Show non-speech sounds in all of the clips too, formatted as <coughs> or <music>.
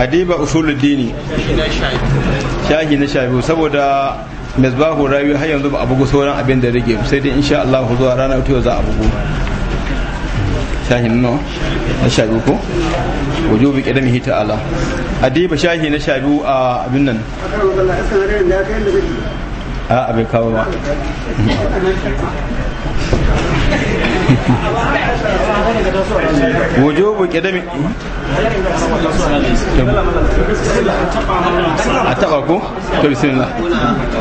adiba usuluddini shahi na shafi saboda misbahu rayu har yanzu ba a bugu sauran abin da rage sai dai insha Allah zuwa rana ta za a bugu shahi no na shafi ko wujubi qidamihi ta'ala adiba shahi na shafi a abin nan a abin kawo ba wujubu kidami a taba ko to bismillah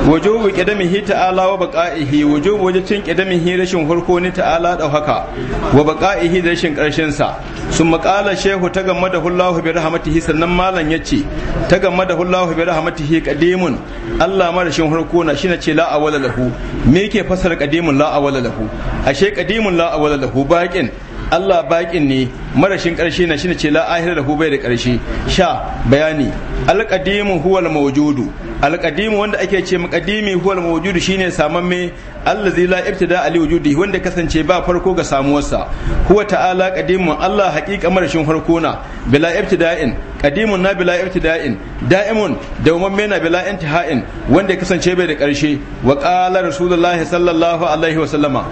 wujubu kidami hi ta'ala wa baqa'ihi wujubu wajibcin kidami hi rashin hurko ni ta'ala da haka wa baqa'ihi da rashin karshen sa sun maqala shehu ta gamma da hullahu bi rahmatihi sannan malam yace ta gamma da hullahu bi rahmatihi qadimun Allah rashin hurko na shine ce la awala lahu me yake fasara qadimun la awala lahu ashe qadimun la awala hu baqin Allah baƙin ne marashin ƙarshe na shine ce la ahira hu bai da ƙarshe sha bayani alqadimu huwal mawjudu alqadimu wanda ake ce muqaddimi huwa almawjud shine samamme zai la ibtida ali wujudi wanda kasance ba farko ga samuwarsa huwa ta'ala qadimun Allah haqiqa marashin farko na bila ibtida'in qadimun na bila ibtida'in da'imun dawmamme na bila intiha'in wanda kasance bai da karshe wa qala rasulullahi sallallahu alaihi wa sallama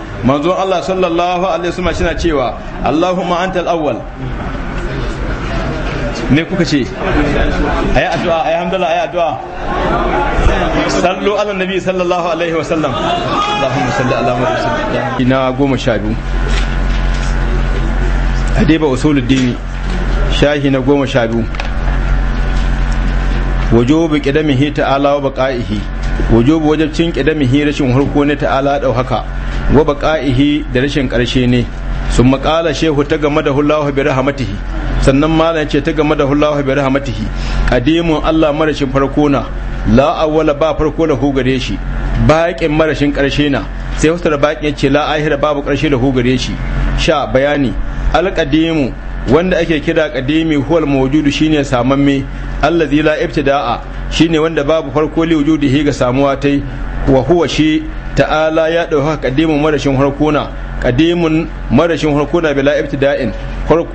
Allah sallallahu alaihi wa sallama cewa Allahumma antal awwal ne kuka ce ayi addu'a ayi hamdala ayi addu'a sallu ala nabi sallallahu alaihi wa sallam allahumma salli ala muhammad ina goma sha biyu adeba usuluddin shahi na goma sha biyu wajobu qidamihi ta'ala wa baqaihi wajobu wajabcin qidamihi rashin harko ne ta'ala dau haka wa baqaihi da rashin karshe ne sun maƙala shehu ta game da hullahu bi rahmatihi sannan malam ce ta game da hullahu bi rahmatihi qadimun Allah marashin farko na la awwala ba farko da hu gare shi baƙin marashin karshe na sai husta da baƙin ce la ahira babu ƙarshe da hu gare shi sha bayani alqadimu wanda ake kira qadimi huwal mawjudu shine samamme allazi la ibtida'a shine wanda babu farko li wujudihi ga samuwa tai wa huwa shi ta'ala ya dauka kadimun marashin harkuna kadimun marashin harkuna bila ibtida'in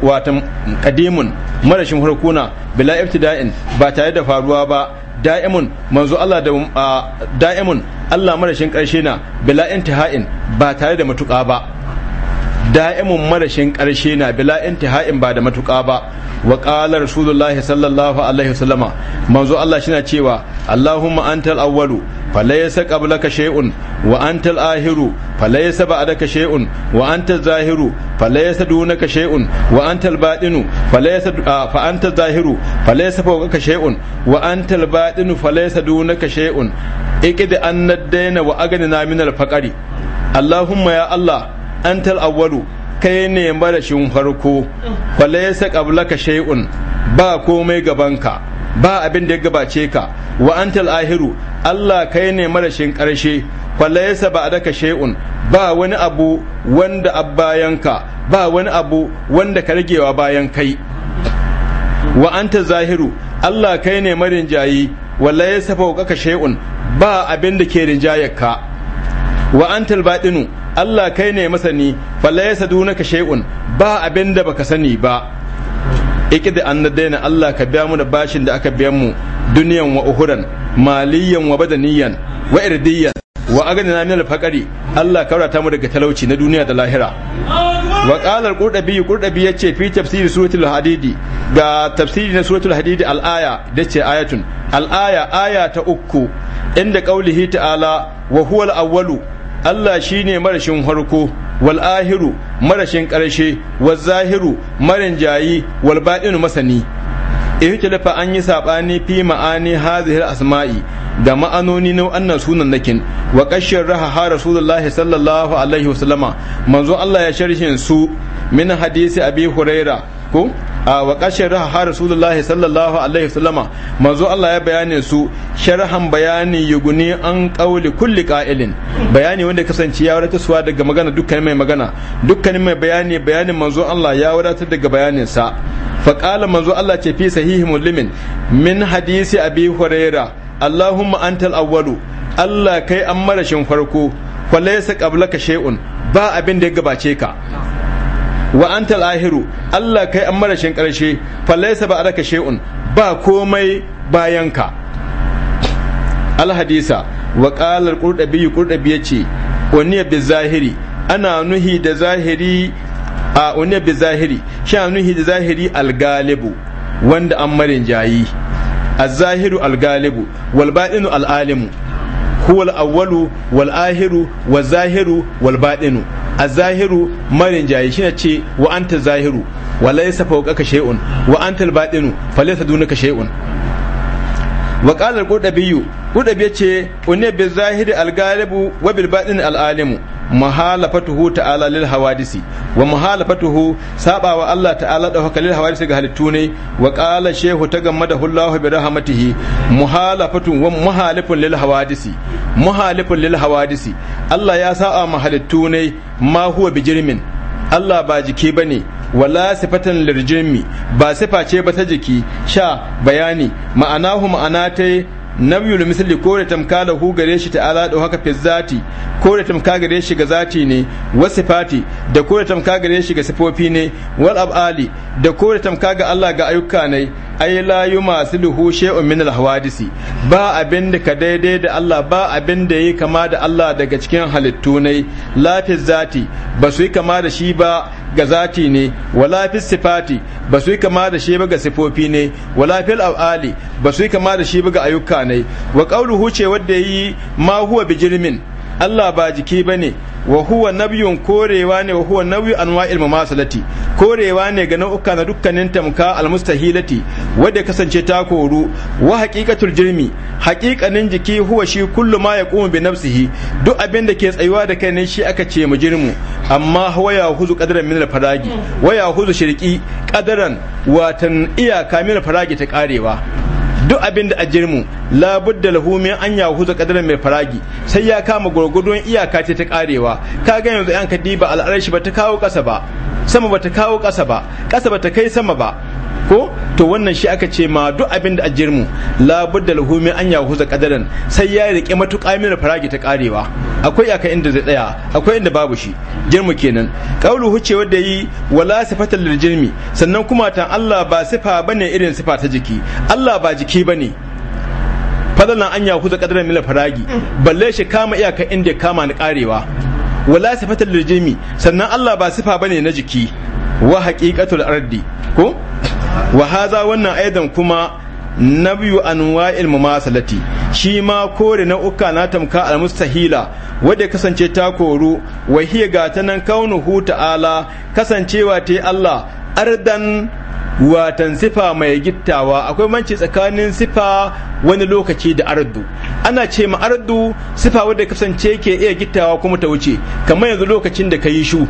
watan kadimun marashin harkuna bila ibtida'in ba tare da faruwa ba da'imun manzo Allah da da'imun Allah marashin karshe na bila intiha'in ba tare da matuƙa ba da'imun marashin ƙarshe na bila intiha'in ba da matuƙa ba wa qala rasulullahi sallallahu alaihi wasallama manzo Allah shina cewa Allahumma antal awwalu falaysa qablaka shay'un wa antal ahiru falaysa ba'daka shay'un wa antal zahiru falaysa dunaka shay'un wa antal batinu falaysa fa antal zahiru falaysa fawqaka shay'un wa antal batinu falaysa dunaka shay'un annadaina wa agnina min al faqari Allahumma ya Allah antal awwalu kai ne marashin farko falaysa qablaka shay'un ba komai gabanka ba abin da ya gabace ka wa antal ahiru Allah kai ne marashin karshe, falaysa ba'daka shay'un ba wani abu wanda abbayanka ba wani abu wanda ka ragewa bayan kai wa anta zahiru Allah kai ne marin jayi walla ya safa shay'un ba abin da ke rinjayarka wa antal batinu Allah kai ne masani falla ya sadu naka shay'un ba abin da baka sani ba ikida an daina Allah ka biya mu da bashin da aka biya mu duniyan wa uhuran maliyan wa badaniyan wa irdiyan wa aganina min alfaqari Allah ka rata mu daga talauci na duniya da lahira wa qalar qurdabi qurdabi yace fi tafsiri suratul hadidi ga tafsiri na suratul hadidi al-aya dace ayatun al-aya ta uku inda qaulihi ta'ala wa huwal awwalu Allah shine marashin harko wal ahiru marashin ƙarshe wal zahiru marin jayi wal baɗinu masani ihtilafa an yi saɓani fi ma'ani hazihil asma'i da ma'anoni na wannan sunan nakin wa kashin raha ha rasulullahi sallallahu alaihi wasallama manzon Allah ya sharhin su min hadisi abi huraira ko a wa kashara ha rasulullahi sallallahu alaihi wasallama manzo Allah ya bayane su sharhan bayani yuguni an qauli kulli qa'ilin bayani wanda kasance ya wadata suwa daga magana dukkan mai magana dukkan mai bayani bayanin manzo Allah ya wadata daga bayanin sa fa qala manzo Allah ce fi sahihi muslimin min hadisi abi huraira Allahumma antal awwalu Allah kai an marashin farko fa laysa qablaka shay'un ba abin da ya gabace ka wa antal ahiru Allah kai an marashin karshe falaysa ba adaka shay'un ba komai bayan bayanka alhadisa wa qalar qurdabi qurdabi yace wani bi zahiri ana nuhi da zahiri a wani bi zahiri shi nuhi da zahiri algalibu wanda an marin jayi الظاهر الغالب والباطن العالم هو الأول والآخر والظاهر والباطن a zahiru marin jayi shi ce wa anta zahiru wa laysa fawqaka shay'un wa anta al-batinu falaysa dunaka shay'un wa qala al-qurdabi qurdabi ce unne bi zahiri al wa bil batin al-alimu muhalafatuhu ta'ala lil hawadisi wa muhalafatuhu sabawa Allah ta'ala da haka lil hawadisi ga halittu ne wa qala shehu ta gamma da hullahu bi rahmatihi muhalafatun wa muhalifun lil hawadisi muhalifun lil hawadisi Allah ya sa'a mahalittu ne ma huwa bijirmin Allah ba jiki bane wala sifatan lirjirmi ba sifa ce ba ta jiki sha bayani ma'anahu ma'ana tai. nabiyul misali, ko da tamka da hu gare shi ta'ala da haka fi zati ko da tamka gare shi ga zati ne wa sifati da ko da tamka gare shi ga sifofi ne wal abali da ko da tamka ga Allah ga ayyuka ne ai la yumasiluhu shay'un min alhawadisi ba abin da ka daidai da Allah ba abin da yi kama da Allah daga cikin halittu ne lafi zati ba su yi kama da shi ba ga zati ne wala fi sifati ba su yi kama da shi ba ga sifofi ne wala fil al'ali ba su yi kama da shi ba ga ayyuka ne wa qawluhu ce wanda yi ma huwa bijirmin Allah ba jiki bane wa huwa nabiyun korewa ne wa huwa anwa ilmu masalati korewa ne ga nau'uka na dukkanin tamka almustahilati wadda kasance ta koru wa haqiqatul jirmi haqiqanin jiki huwa shi kullu ma yaqumu bi nafsihi duk abin da ke tsayuwa da kai ne shi aka ce mu jirmu amma huwa ya huzu qadaran min faragi wa ya huzu shirki qadaran watan iyaka min faragi ta karewa duk abin da ajirmu labud da min an yahuza kadaran mai faragi sai ya kama gurgudun iyaka ce ta karewa ka ga yanzu yan kadiba al'arshi ba ta kawo kasa ba sama ba ta kawo kasa ba kasa ba ta kai sama ba ko to wannan shi aka ce ma duk abin da jirmu labud da min an yahuza kadaran sai ya rike matuƙa min faragi ta karewa akwai aka inda zai tsaya akwai inda babu shi jirmu kenan kaulu huce wanda yi wala sifatal lil jirmi sannan kuma tan Allah ba sifa bane irin sifa ta jiki Allah ba jiki ba ne fadalan an ya kuza kadarin mila faragi balle shi kama iyaka inda kama ni karewa wala sifatul lijimi sannan Allah ba sifa bane na jiki wa haqiqatul ardi ko wa haza wannan aidan kuma nabiyu anwa'il mumasalati shi ma kore na uka na tamka mustahila wanda kasance ta koru wa hiya ga ta nan kaunuhu ta'ala kasancewa ta Allah ardan watan sifa mai gittawa akwai manci tsakanin sifa wani lokaci da ardu ana ce ma ardu sifa wadda kasance ke iya gittawa kuma ta wuce kamar yanzu lokacin da ka yi shu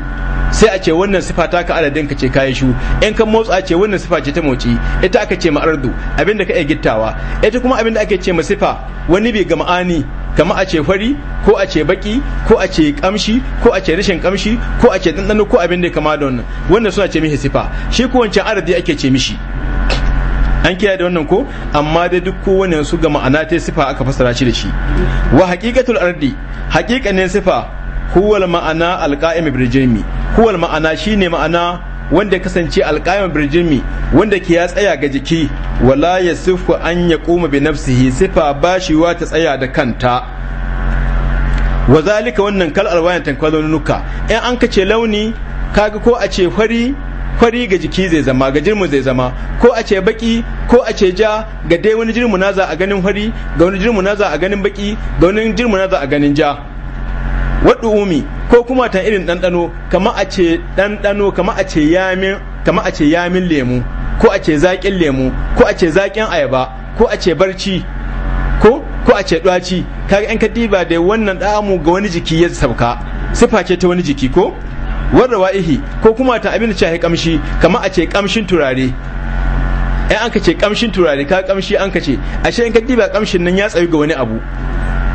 sai a ce wannan sifa ta ka aladin ka ce ka yi shu in kan motsa ce wannan sifa ce ta motsi ita aka ce ma ardu abinda ka iya gittawa ita kuma abinda ake ce ma sifa wani bai ga ma'ani kama a ce fari ko a ce baki ko a ce kamshi ko a ce rashin kamshi ko a ce dandano ko abin da ya kama da wannan wannan suna ce mishi sifa shi ko wancan arabi ake ce mishi an kiyaye da wannan ko amma dai duk kowane su ga ma'ana ta sifa aka fassara shi da shi wa haqiqatul ardi ne sifa huwal ma'ana alqa'im bil jami huwal ma'ana shine ma'ana wanda kasance alƙayan birjimi wanda ke ya tsaya ga jiki wala ya sifu an ya koma bi nafsihi sifa wa ta tsaya da kanta wa zalika wannan kal alwayan nuka in an kace launi kaga ko a ce fari fari ga jiki zai zama ga jirmu zai zama ko a ce baki ko a ce ja ga dai wani jirmu na za a ganin fari ga wani jirmu na za a ganin baki ga wani jirmu na za a ganin ja umi ko kuma ta irin ɗanɗano kama a ce ɗanɗano kama a ce yamin kama a ce yamin lemu ko a ce zaƙin lemu ko a ce zaƙin ayaba ko a ce barci ko ko a ce ɗwaci kaga in ka diba da wannan ɗa'amu ga wani jiki ya sauka sifa ce ta wani jiki ko warrawa ihi ko kuma ta abin da ce kamshi kama a ce kamshin turare ai an kace kamshin turare ka kamshi an kace ce ashe in ka diba kamshin nan ya tsayu ga wani abu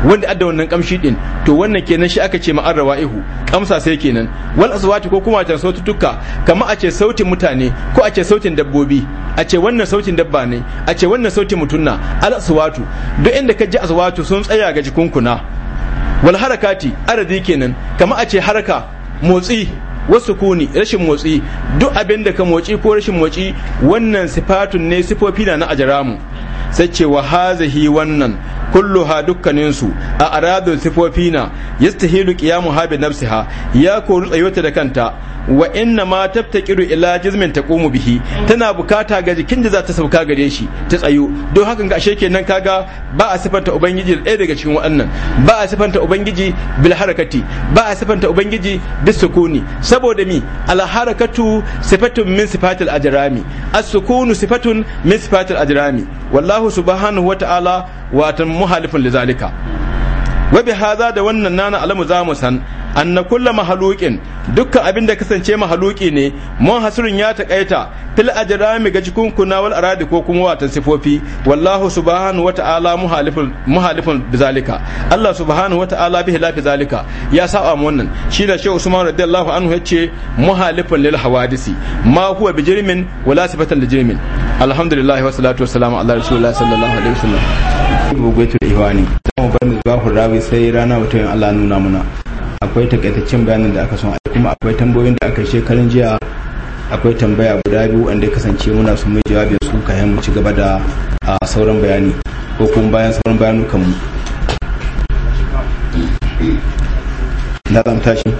wanda adda wannan kamshi din to wannan kenan shi aka ce ma arrawa ihu kamsa sai kenan wal aswati ko kuma can tukka kamar a ce sautin mutane ko a ce sautin dabbobi a ce wannan sautin dabba ne a ce wannan sautin mutunna al aswatu duk inda ka ji aswatu sun tsaya ga jikunkuna wal harakati aradi kenan kamar a ce haraka motsi wasu kuni rashin motsi duk abin da ka motsi ko rashin motsi wannan sifatun ne sifofi na na ajiramu sai ce wa hazihi wannan kulluha dukkaninsu a aradun sifofi na yastahilu qiyamu habi bi nafsiha ya koru tsayuwata da kanta wa inna ma kiru ila jizmin taqumu bihi tana bukata ga jikin da za ta sauka gare shi ta tsayo don hakan ga ashe kenan kaga ba a sifanta ubangiji da ɗaya daga cikin waɗannan ba a sifanta ubangiji bil harakati ba a sifanta ubangiji bis sukuni saboda mi al harakatu sifatun min sifatil ajrami as sukunu sifatun min sifatil ajrami wallahu subhanahu wa ta'ala muhalifin lizalika wa bi haza da wannan nana alamu za mu san anna kullu mahaluqin dukkan abin da kasance mahaluki ne mun hasurin ya takaita fil ajrami ga cikin kuna wal aradi ko kuma watan sifofi wallahu subhanahu wa ta'ala muhalifun muhalifun bizalika Allah subhanahu wa ta'ala bihi lafi zalika ya saba mu wannan shi da shehu Usman radiyallahu anhu yace muhalifun lil hawadisi ma huwa bijrimin wala sifatan lijrimin alhamdulillah wa salatu wa salamu ala rasulillah sallallahu alaihi wasallam mu bar misbahul rawi sai rana wata yin Allah nuna muna akwai takaitaccen bayanin da aka son a kuma akwai tambayoyin da aka shekarun jiya akwai tambaya guda biyu wanda kasance muna su mai jawabin su ka mu ci gaba da sauran bayani ko kuma bayan sauran bayanukan mu na zan tashi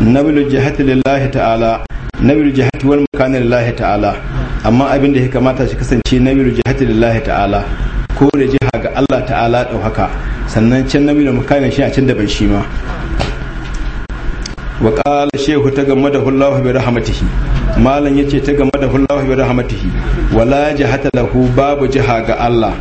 nabilu jihati lillahi ta'ala nabilu jihati wal makani lillahi ta'ala amma abin da ya kamata shi kasance nabilu jihati lillahi ta'ala ko da ga Allah ta'ala haka sannan can nabi da makanin shi a can da bai shi ma wa shehu ta game da hullahu bi rahmatihi malam ce ta game da hullahu bi rahmatihi wala jahata lahu babu jiha ga Allah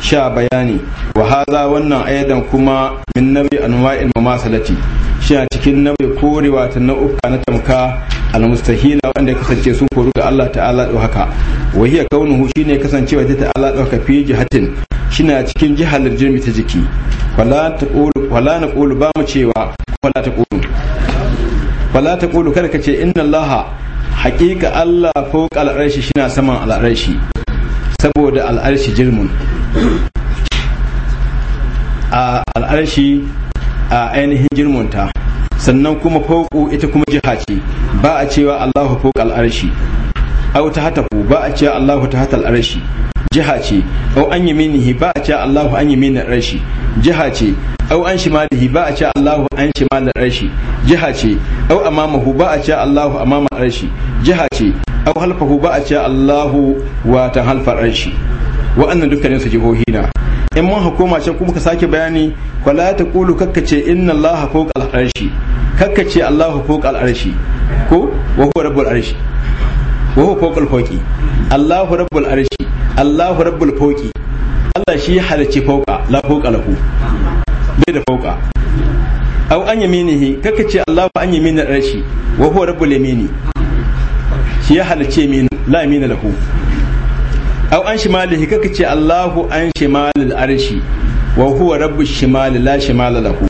sha bayani wa haza wannan ayyadan kuma min nabi anwa'il mamasalati shi a cikin nabi korewa ta na uka na tamka almustahila wanda ya kasance sun koru ga Allah ta'ala ɗaukaka wa hiya kaunuhu shine kasancewa ta ta'ala haka fi jihatin shine a cikin jihar jirmi ta jiki wala na kulu ba mu cewa wala ta ƙulu wala ta ƙulu kada ka ce inna allaha hakika allah fauk al'arshi shina saman al'arshi saboda al'arshi jirmun a al'arshi a ainihin jirmunta sannan kuma fauku ita kuma jiha ce ba a cewa Allahu fauka al'arshi au ta hatafu ba a cewa Allahu ta hata al'arshi. jiha ce au an yaminihi ba a cewa Allahu an yaminin arshi jiha ce au an shimalihi ba a cewa Allahu an shimalin arshi jiha ce au amamahu ba a cewa Allahu amama arshi jiha ce aw halfahu ba a cewa Allahu wa ta halfar arshi wa'annan dukkanin su jihohi na in mun hukuma can kuma ka sake bayani wala ta kulu ce inna allaha fawqa al-arshi ce allahu fawqa al-arshi ko wa huwa rabbul arshi wa huwa fawqa al-fawqi allahu rabbul arshi allahu rabbul fawqi Allah shi halicci fawqa la fawqa lahu bai da fawqa aw an yaminihi ce allahu an yaminal arshi wa huwa rabbul yamini shi ya halicce min la yamina lahu aw an shimalihi kaka ce Allahu an shimalil arshi wa huwa rabbu shimali la shimala lahu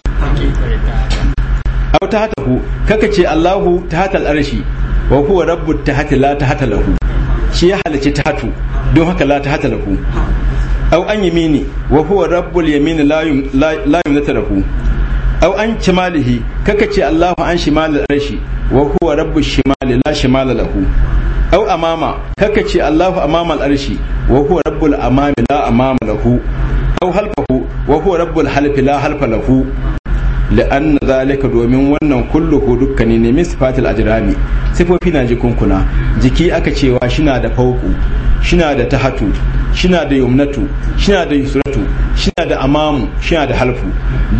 aw tahatahu kaka ce Allahu tahatal arshi wa huwa rabbu ta tahati la hata lahu shi ya ta hatu don haka la hata lahu aw an yamini wa huwa rabbul yamini la yum la yumnata aw an shimalihi kaka ce Allahu an shimalil arshi wa huwa rabbu shimali la shimala lahu au amama kaka ce Allahu amama al'arshi wa huwa rabbul amami la amama lahu au halfahu wa huwa rabbul halfi la halfa lahu na zalika domin wannan ko dukkani ne min sifatil ajrami sifofi na jikunkuna jiki aka cewa shina da fauku shina da tahatu shina da yumnatu shina da yusratu shina da amamu shina da halfu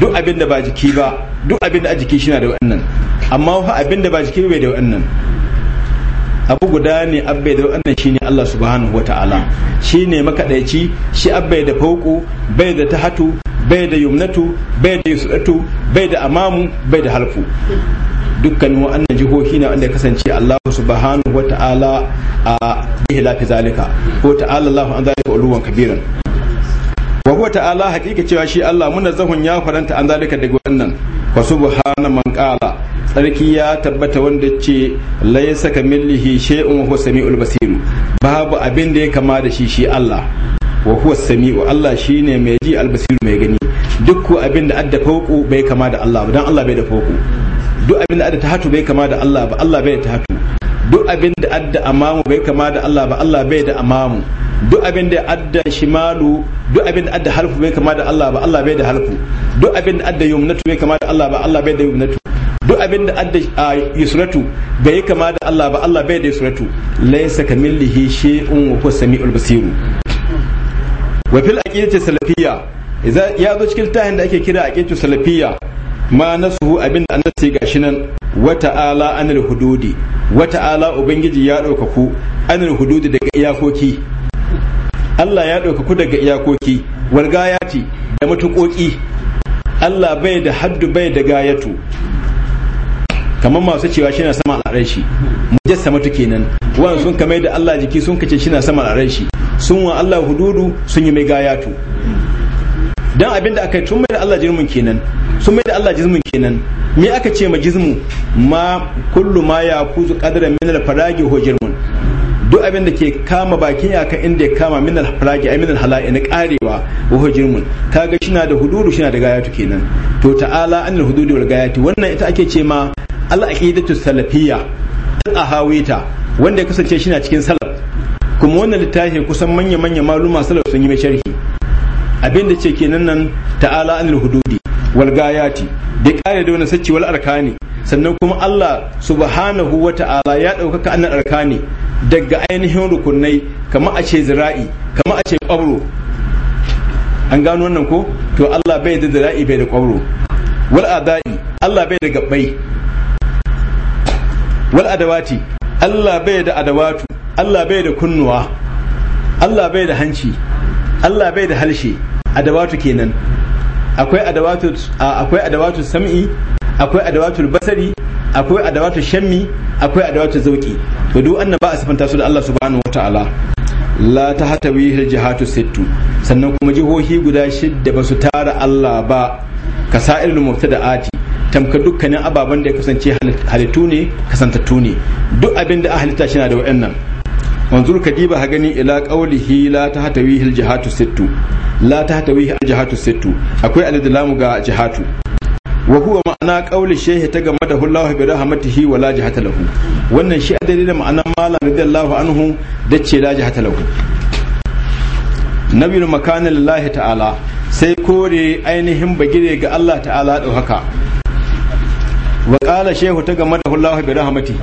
duk abin da ba jiki ba duk abin da a jiki shina da wannan amma wa abin da ba jiki bai da wannan abu guda ne abbai da wannan shine Allah subhanahu wata'ala shine makadaici shi abbai da fauku bai da tahatu bai da yumnatu bai da yusdatu bai da amamu bai da halfu dukkanin wa'annan jihohi ne wanda ya kasance Allah subhanahu wata'ala a bihi lafi zalika ko ta'ala Allah an zalika uluwan kabiran wa huwa ta'ala hakika cewa shi Allah munazzahun ya faranta an zalika daga wannan fa subhana man qala tsarki ya tabbata wanda ce saka millihi shay'un wa huwa samiul basir babu abin da ya kama da shi shi Allah wa huwa sami'u Allah ne mai ji albasiru mai gani duk abin da adda fauku bai kama da Allah ba dan Allah bai da fauku duk abin da adda tahatu bai kama da Allah ba Allah bai da tahatu duk abin da adda amamu bai kama da Allah ba Allah bai da amamu duk abin da adda shimalu duk abin da adda harfu bai kama da Allah ba Allah bai da harfu duk abin da adda yumnatu bai kama da Allah ba Allah bai da yumnatu duk abin da adda yusratu bai yi kama da Allah ba Allah bai da yusratu laysa kamillihi shay'un wa huwa samiul basir wa fil aqidati salafiyya idza ya zo cikin tahin da ake kira aqidatu salafiyya ma nasuhu abin da annabi gashi nan wa ta'ala anil hududi wa ta'ala ubangiji ya daukaku anil hududi daga iyakoki Allah ya daukaku daga iyakoki wal da matuƙoƙi Allah bai da haddu bai da gayatu kamar masu cewa shi na sama a shi mujassamatu kenan wa sun kame da Allah jiki sun kace shi na sama a shi sun wa Allah hududu sun yi mai gayatu dan abin da aka tun mai da Allah jirmin kenan sun mai da Allah jizmin kenan me aka ce ma jizmu ma kullu ma ya kuzu qadara min al-faragi ho jirmun duk abin da ke kama bakin ya kan inda ya kama min al-faragi ai min al-hala'i na karewa wa jirmun kaga shi na da hududu na da gayatu kenan to ta'ala anil hududu wal gayatu wannan ita ake ce ma al'aqidatu salafiyya a ahawita wanda ya kasance shi na cikin salaf kuma wannan littafi kusan manya-manya maluma salaf sun yi mai sharhi abin da ce kenan nan ta'ala anil hududi wal gayati da kare da wani sacci wal arkani sannan kuma Allah subhanahu wa ta'ala ya ka annan arkani daga ainihin rukunai kama a ce zira'i kama a ce ƙwabro an gano wannan ko to Allah bai da zira'i bai da ƙwabro wal adai Allah bai da gabbai wal adawati Allah bai da adawatu Allah bai da kunnuwa Allah bai da hanci Allah bai da halshe adawatu kenan akwai adawatu akwai adawatu sam'i akwai adawatu basari akwai adawatu shammi akwai adawatu zauki to duk annaba ba a sifanta su da Allah subhanahu wataala la ta hatawi jihatu sittu sannan kuma jihohi guda shidda ba su tara Allah ba kasa'irul mubtada'ati tamka dukkanin ababen da ya kasance halittu ne kasantattu ne duk abin da a halitta shi na da wa'annan wanzur ka diba ha gani ila qawlihi la tahtawihi al jihatu sittu la tahtawihi al jihatu sittu akwai alidlamu ga jihatu wa huwa ma'ana qawli shaykh ta game da Allahu bi rahmatihi wa la jihata lahu wannan shi adalilin ma'anan malam radiyallahu anhu ce la jihata lahu nabiyin makanin lahi ta'ala sai kore ainihin bagire ga Allah ta'ala ɗaukaka wa shehu ta gama da Allahu bi rahmati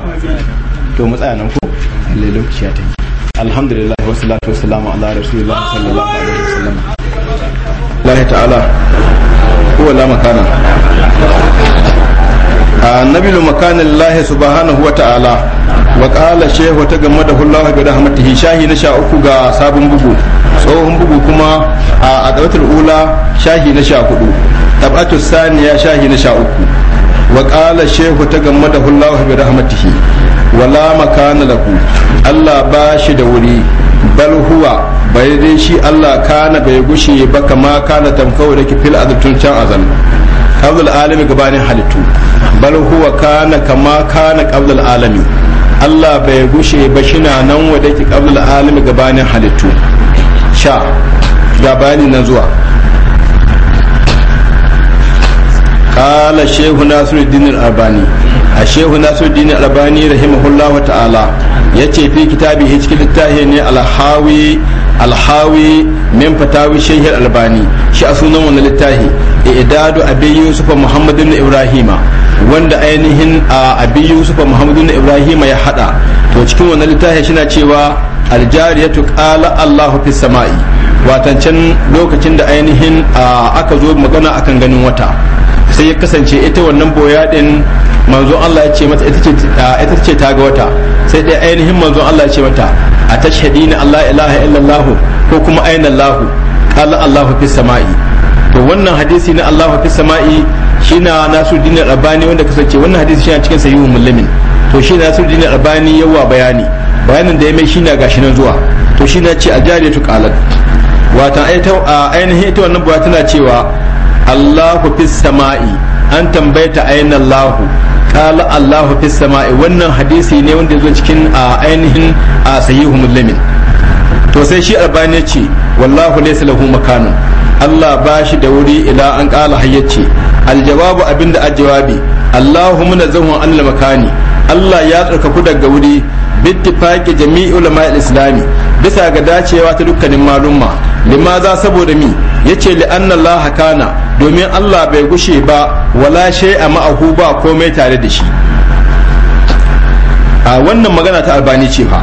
to mu tsaya nan ko lalle lokaci ya tafi alhamdulillah wa salatu wa salamu ala rasulillah sallallahu alaihi wasallam Allah ta'ala huwa la makana annabi makanillahi subhanahu wa ta'ala wa qala shehu ta gamma da Allahu bi rahmatihi shahi na sha uku ga sabon bugu tsohon bugu kuma a adawatul ula shahi na sha hudu tabatu saniya shahi na sha uku wa qala shehu ta gama da hullahu bi rahmatihi wala na lahu Allah ba shi da wuri bal huwa bai dai shi Allah kana bai gushe ba kama kana tamkawa da ki fil azatun can azal qabl alami gabanin halittu bal huwa kana kama kana qabl alami Allah bai gushe ba shi na nan wa dake qabl alami gabanin halittu sha ga bayani nan zuwa قال شيخ ناصر الدين الألباني rahima ناصر taala ya رحمه الله تعالى يتي في كتابه هيك التاهي الحاوي alhawi min fatawi shehi albani shi a sunan wani littafi idadu abi yusufa muhammadu ibn ibrahima wanda ainihin a abi yusufa muhammadu ibrahima ya hada to cikin wani littafi shi cewa aljariyatu qala allahu fis sama'i watancan lokacin da ainihin aka zo magana akan ganin wata sai ya kasance ita wannan boya din manzo Allah ya ce mata ah, ita ce ta ga wata sai dai ainihin manzo Allah ya ce mata a tashhadina Allah ilaha illallah ko kuma aina Allah qala Allah fi sama'i to wannan hadisi na Allah fi sama'i shine Nasiruddin Rabani wanda kasance wannan hadisi shine cikin sahihu Muslim to shi Nasiruddin Rabani yawa bayani bayanin da ya mai shine gashi nan zuwa to shine ce a jariyatu qalat wata ah, ainihin ita wannan boya tana cewa Allahu fis sama'i an tambayta aina Allahu qala Allahu fis sama'i wannan hadisi ne wanda zo cikin ainihin sahihu muslimin to sai shi albani yace wallahu laysa lahu makanun Allah ba shi da wuri ila an qala hayyace aljawabu abinda aljawabi Allahu munazahu an makani Allah ya ku daga wuri bittifaqi jami'ul ulama islami bisa ga dacewa ta dukkanin malumma limaza saboda mi yace li anna laha kana domin Allah bai gushe ba wala a ma'ahu ba komai tare da shi a wannan magana ta albani ce fa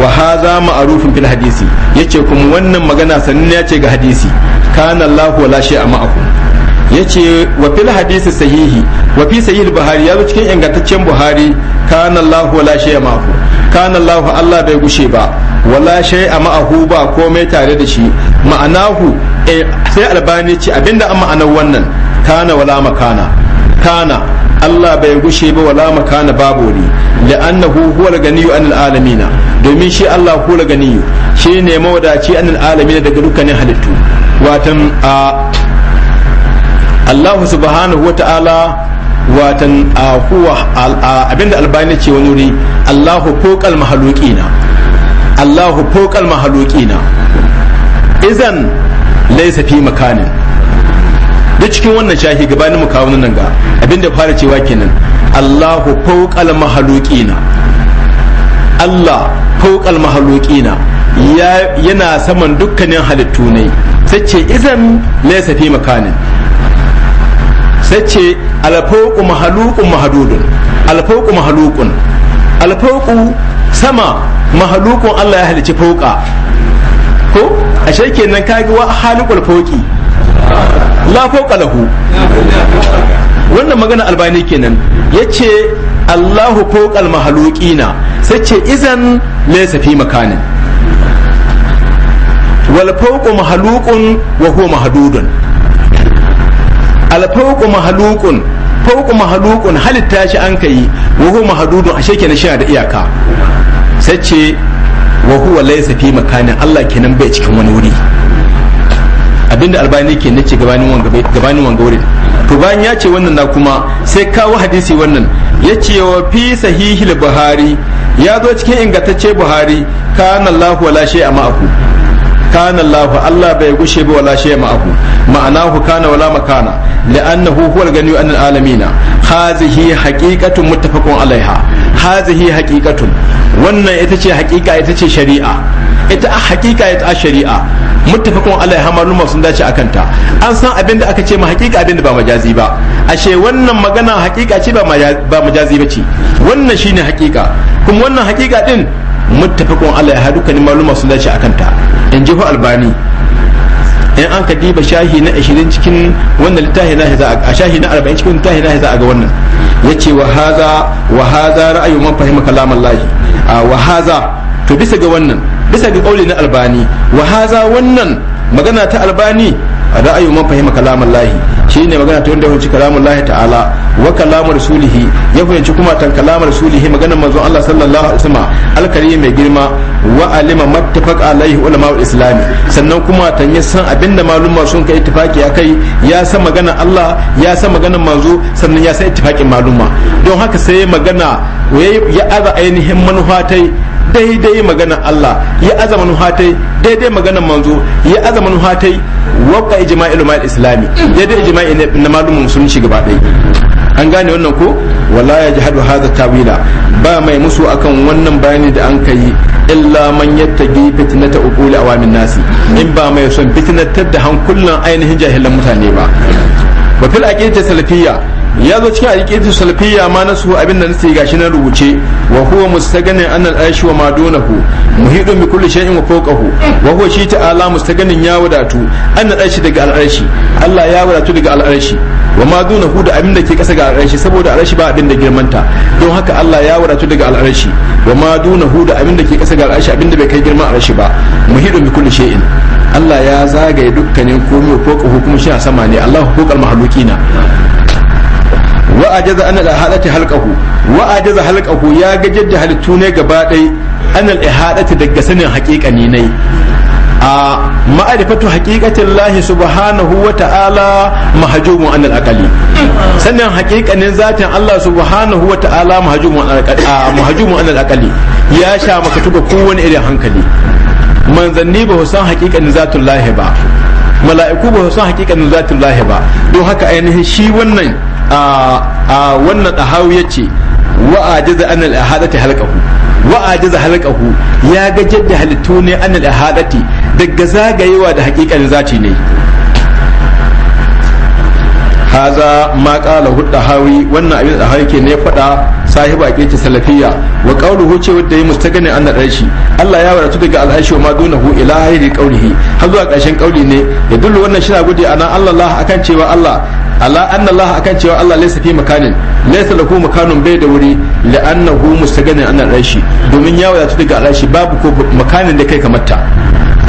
wa hadha ma'rufun fil hadisi yace kuma wannan magana sannan ya ce ga hadisi kana Allah wala a ma'ahu yace wa fil hadisi sahihi wa fi sahih buhari ya zo cikin ingantaccen buhari kana Allah wala a ma'ahu kana Allah Allah bai gushe ba wala shay a ma'ahu ba komai tare da shi ma'anahu eh, sai albani ce abinda an ma'anar wannan kana wala makana kana Allah bai gushe ba wala makana babu wuri annahu huwa ganiyu anil alamina domin shi Allah huwa ganiyu shi ne mawadaci anil alamina daga dukkanin halittu watan a Allah subhanahu wa ta'ala watan a huwa abinda albani ce wani wuri Allah ko kal mahaluqina allahu fokal mahalukina izan laisa fi makanin da cikin wannan shahi gabanin mukawunan nan ga abinda fara cewa kenan allahu fokal mahalukina allah fokal mahalukina yana saman dukkanin halittu ne sai ce izan laisa fi makanin sai ce alfauqu mahalukun mahdudun alfauqu mahalukun alfauqu sama mahalukun Allah ya halici fauka ko a shaike nan kaga wa halikul fauki la fauka lahu wannan magana albani kenan yace Allahu fauqal mahaluqina sai ce izan laysa fi makanin wal fauqu mahaluqun wa huwa mahdudun al fauqu mahaluqun fauqu mahaluqun halitta shi an kai wa huwa mahdudun ashe kenan shi da iyaka ta ce wa huwa laysa fi makanin Allah kenan bai cikin wani wuri abinda albani ke nace gabanin wanga gabanin wanga wurin to bayan ya ce wannan na kuma sai kawo hadisi wannan ya ce wa fi sahihil buhari ya zo cikin ingantacce buhari kana Allahu wala a ma'aku kana Allahu Allah bai gushe ba wala ma'aku ma'ana ma'anahu kana wala makana al هو an al العالمين هذه haqiqatun muttafaqun alaiha hazihi haqiqatun wannan ita ce haqiqa ita ce shari'a ita a haqiqa ita a shari'a muttafaqun alaihi hamaluma sun dace akan ta an san abin da aka ce ma haqiqa abin da ba majazi ba ashe wannan magana haqiqa ce ba majazi ba ce wannan shine haqiqa kuma wannan haqiqa din muttafaqun alaiha dukkanin maluma sun dace akan ta in ji albani in an ka diba shahi na 20 cikin wannan littafi na za a shahi na 40 cikin littafi na za a ga wannan yace wa haza wa haza ra'ayu man fahima kalam Allah wa haza to bisa ga wannan bisa ga kauli na albani wa haza wannan magana ta albani ra'ayu man fahima kalam Allah shine magana ta wanda ya fahimci kalamun lahi ta'ala wa kalamun rasulihi ya fahimci kuma tan kalamun rasulihi maganar manzon Allah sallallahu alaihi wasallam alkari mai girma wa alima mattafaq alaihi ulama islam sannan kuma tan ya san abinda malumma sun kai ittifaki akai ya san maganar Allah ya san maganar manzo sannan ya san ittifakin malumma don haka sai magana ya aza ainihin manufatai daidai magana Allah ya azama nuhatai daidai magana manzo ya azama nuhatai waka ijma'i ulama islami daidai ijma'i na malumin musulunci gaba ɗaya an gane wannan ko wala ya jihadu hadha tawila ba mai musu akan wannan bayani da an kai illa man yattaqi fitnata uquli awamin nasi in ba mai son fitnatar da hankulan ainihin jahilan mutane ba wa fil aqidati salafiyya ya zo cikin alƙidu salfiya ma nasu abin da nasu gashi na rubuce wa huwa mustaganin an aishu wa madunahu muhidun bi kulli shay'in wa fawqahu wa huwa shi ta'ala mustaganin ya wadatu an al'ashi daga al'arshi Allah ya wadatu daga al'arshi wa madunahu da abin da ke kasa ga al'arshi saboda al'arshi ba abin da girmanta don haka Allah ya wadatu daga al'arshi wa madunahu da abin da ke kasa ga al'arshi abin da bai kai girman al'arshi ba muhidun bi kulli shay'in Allah ya zagaye dukkanin komai fawqahu kuma shi a sama ne Allah fawqal mahlukina wa ajaza an al ihadati halqahu wa ajaza halqahu ya ga da halittu ne gaba dai an al ihadati daga sanin haƙiƙani ne a ma'arifatu haƙiƙatin lahi subhanahu wa ta'ala mahajumu an al aqli sannan haqiqanin zatin Allah subhanahu wa ta'ala mahajumu an al aqli ya sha maka tuba kowani irin hankali manzanni ba san haqiqanin zatin lahi ba mala'iku ba san haqiqanin zatin lahi ba don haka ainihin shi wannan a wannan ɗahawu ya ce wa ajiza an al-ahadati halqahu wa halqahu ya ga jadda halittu ne an al-ahadati daga zagayewa da hakikalin zati ne haza ma qala hudda hawi wannan abin da hawi ke ne fada sahiba ce salafiyya wa qawluhu ce wanda yayi mustagani an shi Allah ya wadatu daga al'ashi wa ma dunahu ila hayri qawlihi har zuwa karshen qawli ne ya dullu wannan shi na gode ana Allah akan cewa Allah ala anna Allah akan cewa Allah laysa fi makanin laysa lahu makanun bai da wuri la'annahu mustaganin an rashi domin ya wadatu daga rashi babu ko makanin da kai kamata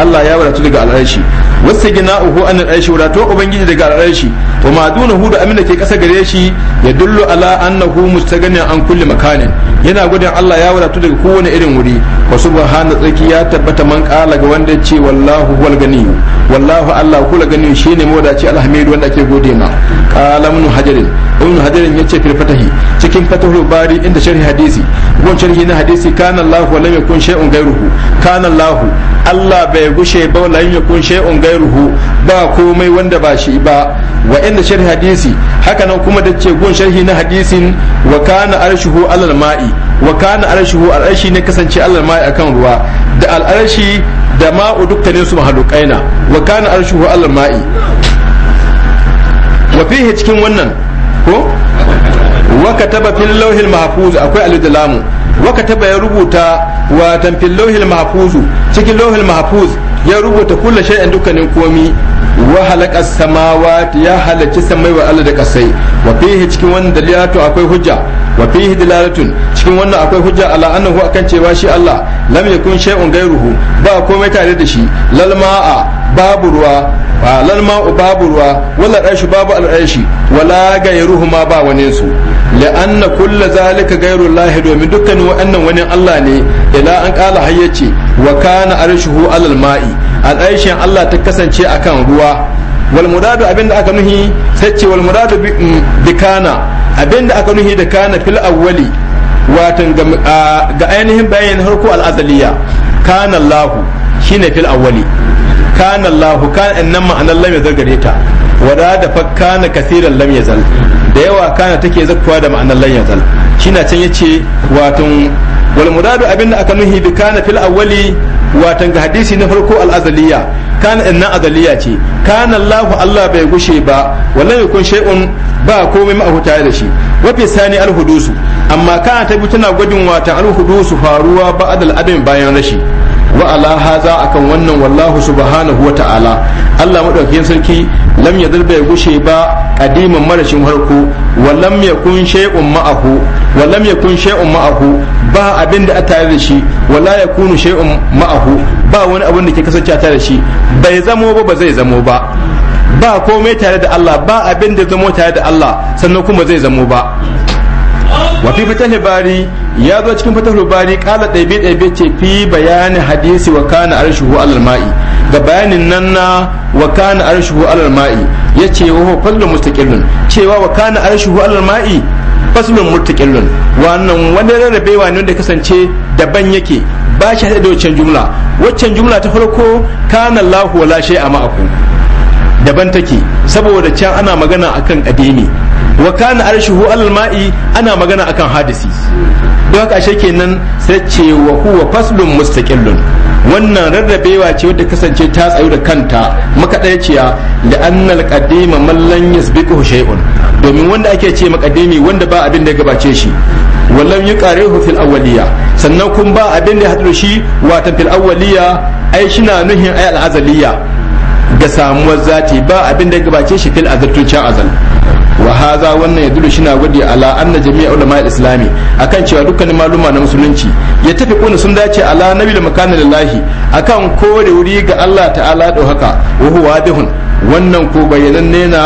Allah ya wadatu daga al'arshi wasu uku an al'arshi ubangiji daga al'arshi wa ma duna da amin da ke kasa gare shi ya dullu ala annahu mustaghanin an kulli makanin yana gudun Allah ya wadatu daga kowane irin wuri wa subhana tsaki ya tabbata man kala ga wanda ce wallahu huwal gani wallahu Allah kula ganiyyu shine mawadaci alhamid wanda ake gode ma qala ibn hajarin ibn hajarin yace fil fatahi cikin fatahul bari inda sharhi hadisi gun sharhi na hadisi kana Allah Allahu lam yakun shay'un gairuhu kana Allah Allah bai gushe ba lam yakun shay'un gairuhu ba komai wanda ba shi ba wa inda sharhi hadisi haka nan kuma da ce gun sharhi na hadisin wa kana arshuhu alal ma'i wa kana arshuhu arshi ne kasance alal ma'i akan ruwa da al arshi da ma'u dukkanin su mahalukaina wa kana arshuhu alal ma'i wa fihi cikin wannan ko wa kataba fil lawhil mahfuz akwai alif da lamu ya rubuta wa tan fil lawhil mahfuz cikin lawhil mahfuz ya rubuta kullu shay'in dukkanin komi wa samawati ya cikin wannan akwai hujja wa fihi dalalatun cikin wannan akwai hujja ala annahu akan cewa shi Allah lam yakun shay'un gairuhu ba komai tare da shi lalma'a babu ruwa lal babu ruwa wala babu al wala gairuhu ma ba wani su la'anna kulla zalika gairu domin dukkanin wa'annan wani Allah ne ila an kala hayyace wa kana arshuhu alal ma'i al'aishin Allah ta kasance akan ruwa wal muradu abinda aka nuhi sai ce bi kana abinda aka nuhi da kana fil awwali watan ga ainihin bayanin harko al'azaliya kana Allahu shine fil awwali kana Allahu kana annan ma'anar lam zargare ta wada da fa na kasirar lam yazal da yawa kana take zakkuwa da ma'anar lam yazal shine can yace watan wal muradu abinda aka nuhi bi kana fil awwali watan ga hadisi na farko al azaliya kana inna azaliya ce kana Allah Allah bai gushe ba wala yakun shay'un ba komai ma huta da shi wa fi sani al hudusu amma kana ta bi tana gwajin watan al hudusu faruwa ba al bayan rashi wa ala haza akan wannan wallahu subhanahu wa ta'ala Allah madaukakin sarki lam ya ya gushe ba qadiman marashin harko wa lam yakun shay'un ma'ahu wa lam yakun shay'un ma'ahu ba abin da tare da shi wa la yakunu shay'un ma'ahu ba wani abin da ke kasance tare da shi bai zamo ba ba zai zamo ba ba komai tare da Allah ba abin da zamo tare da Allah sannan kuma zai zamo ba wa fi labari bari ya zo cikin fatahul bari kala ɗaibe ɗaibe ce fi bayani hadisi wa kana arshuhu alal ma'i ga bayanin nan na wa kana arshuhu alal ma'i ce wa huwa fadlun mustaqillun cewa wa kana arshuhu alal ma'i fasulun mustaqillun wannan wani wa ne da kasance daban yake ba shi da waccan jumla waccan jumla ta farko kana lahu wala shay'a ma'akum daban take saboda can ana magana akan addini. wa kana arshuhu al ma'i ana magana akan hadisi don haka ashe kenan sai ce wa huwa faslun mustaqillun wannan rarrabewa ce wadda kasance ta tsayu da kanta makaɗaiciya da annal qadima man lan yasbiquhu shay'un domin wanda ake ce makadimi wanda ba abin da ya gabace shi wallan yi qarehu fil awwaliya sannan kun ba abin da ya hadu shi watan fil awwaliya ai shina nuhin ai al azaliya ga samuwar zati ba abin da ya gabace shi fil azal tun azal wa haza wannan shi na gwadi ala anna jami'a ulama islami akan cewa dukkanin maluma na musulunci ya tafi kuna sun dace ala nabi da makana lillahi akan kore wuri ga Allah ta'ala da haka wa bihun wannan ko ne na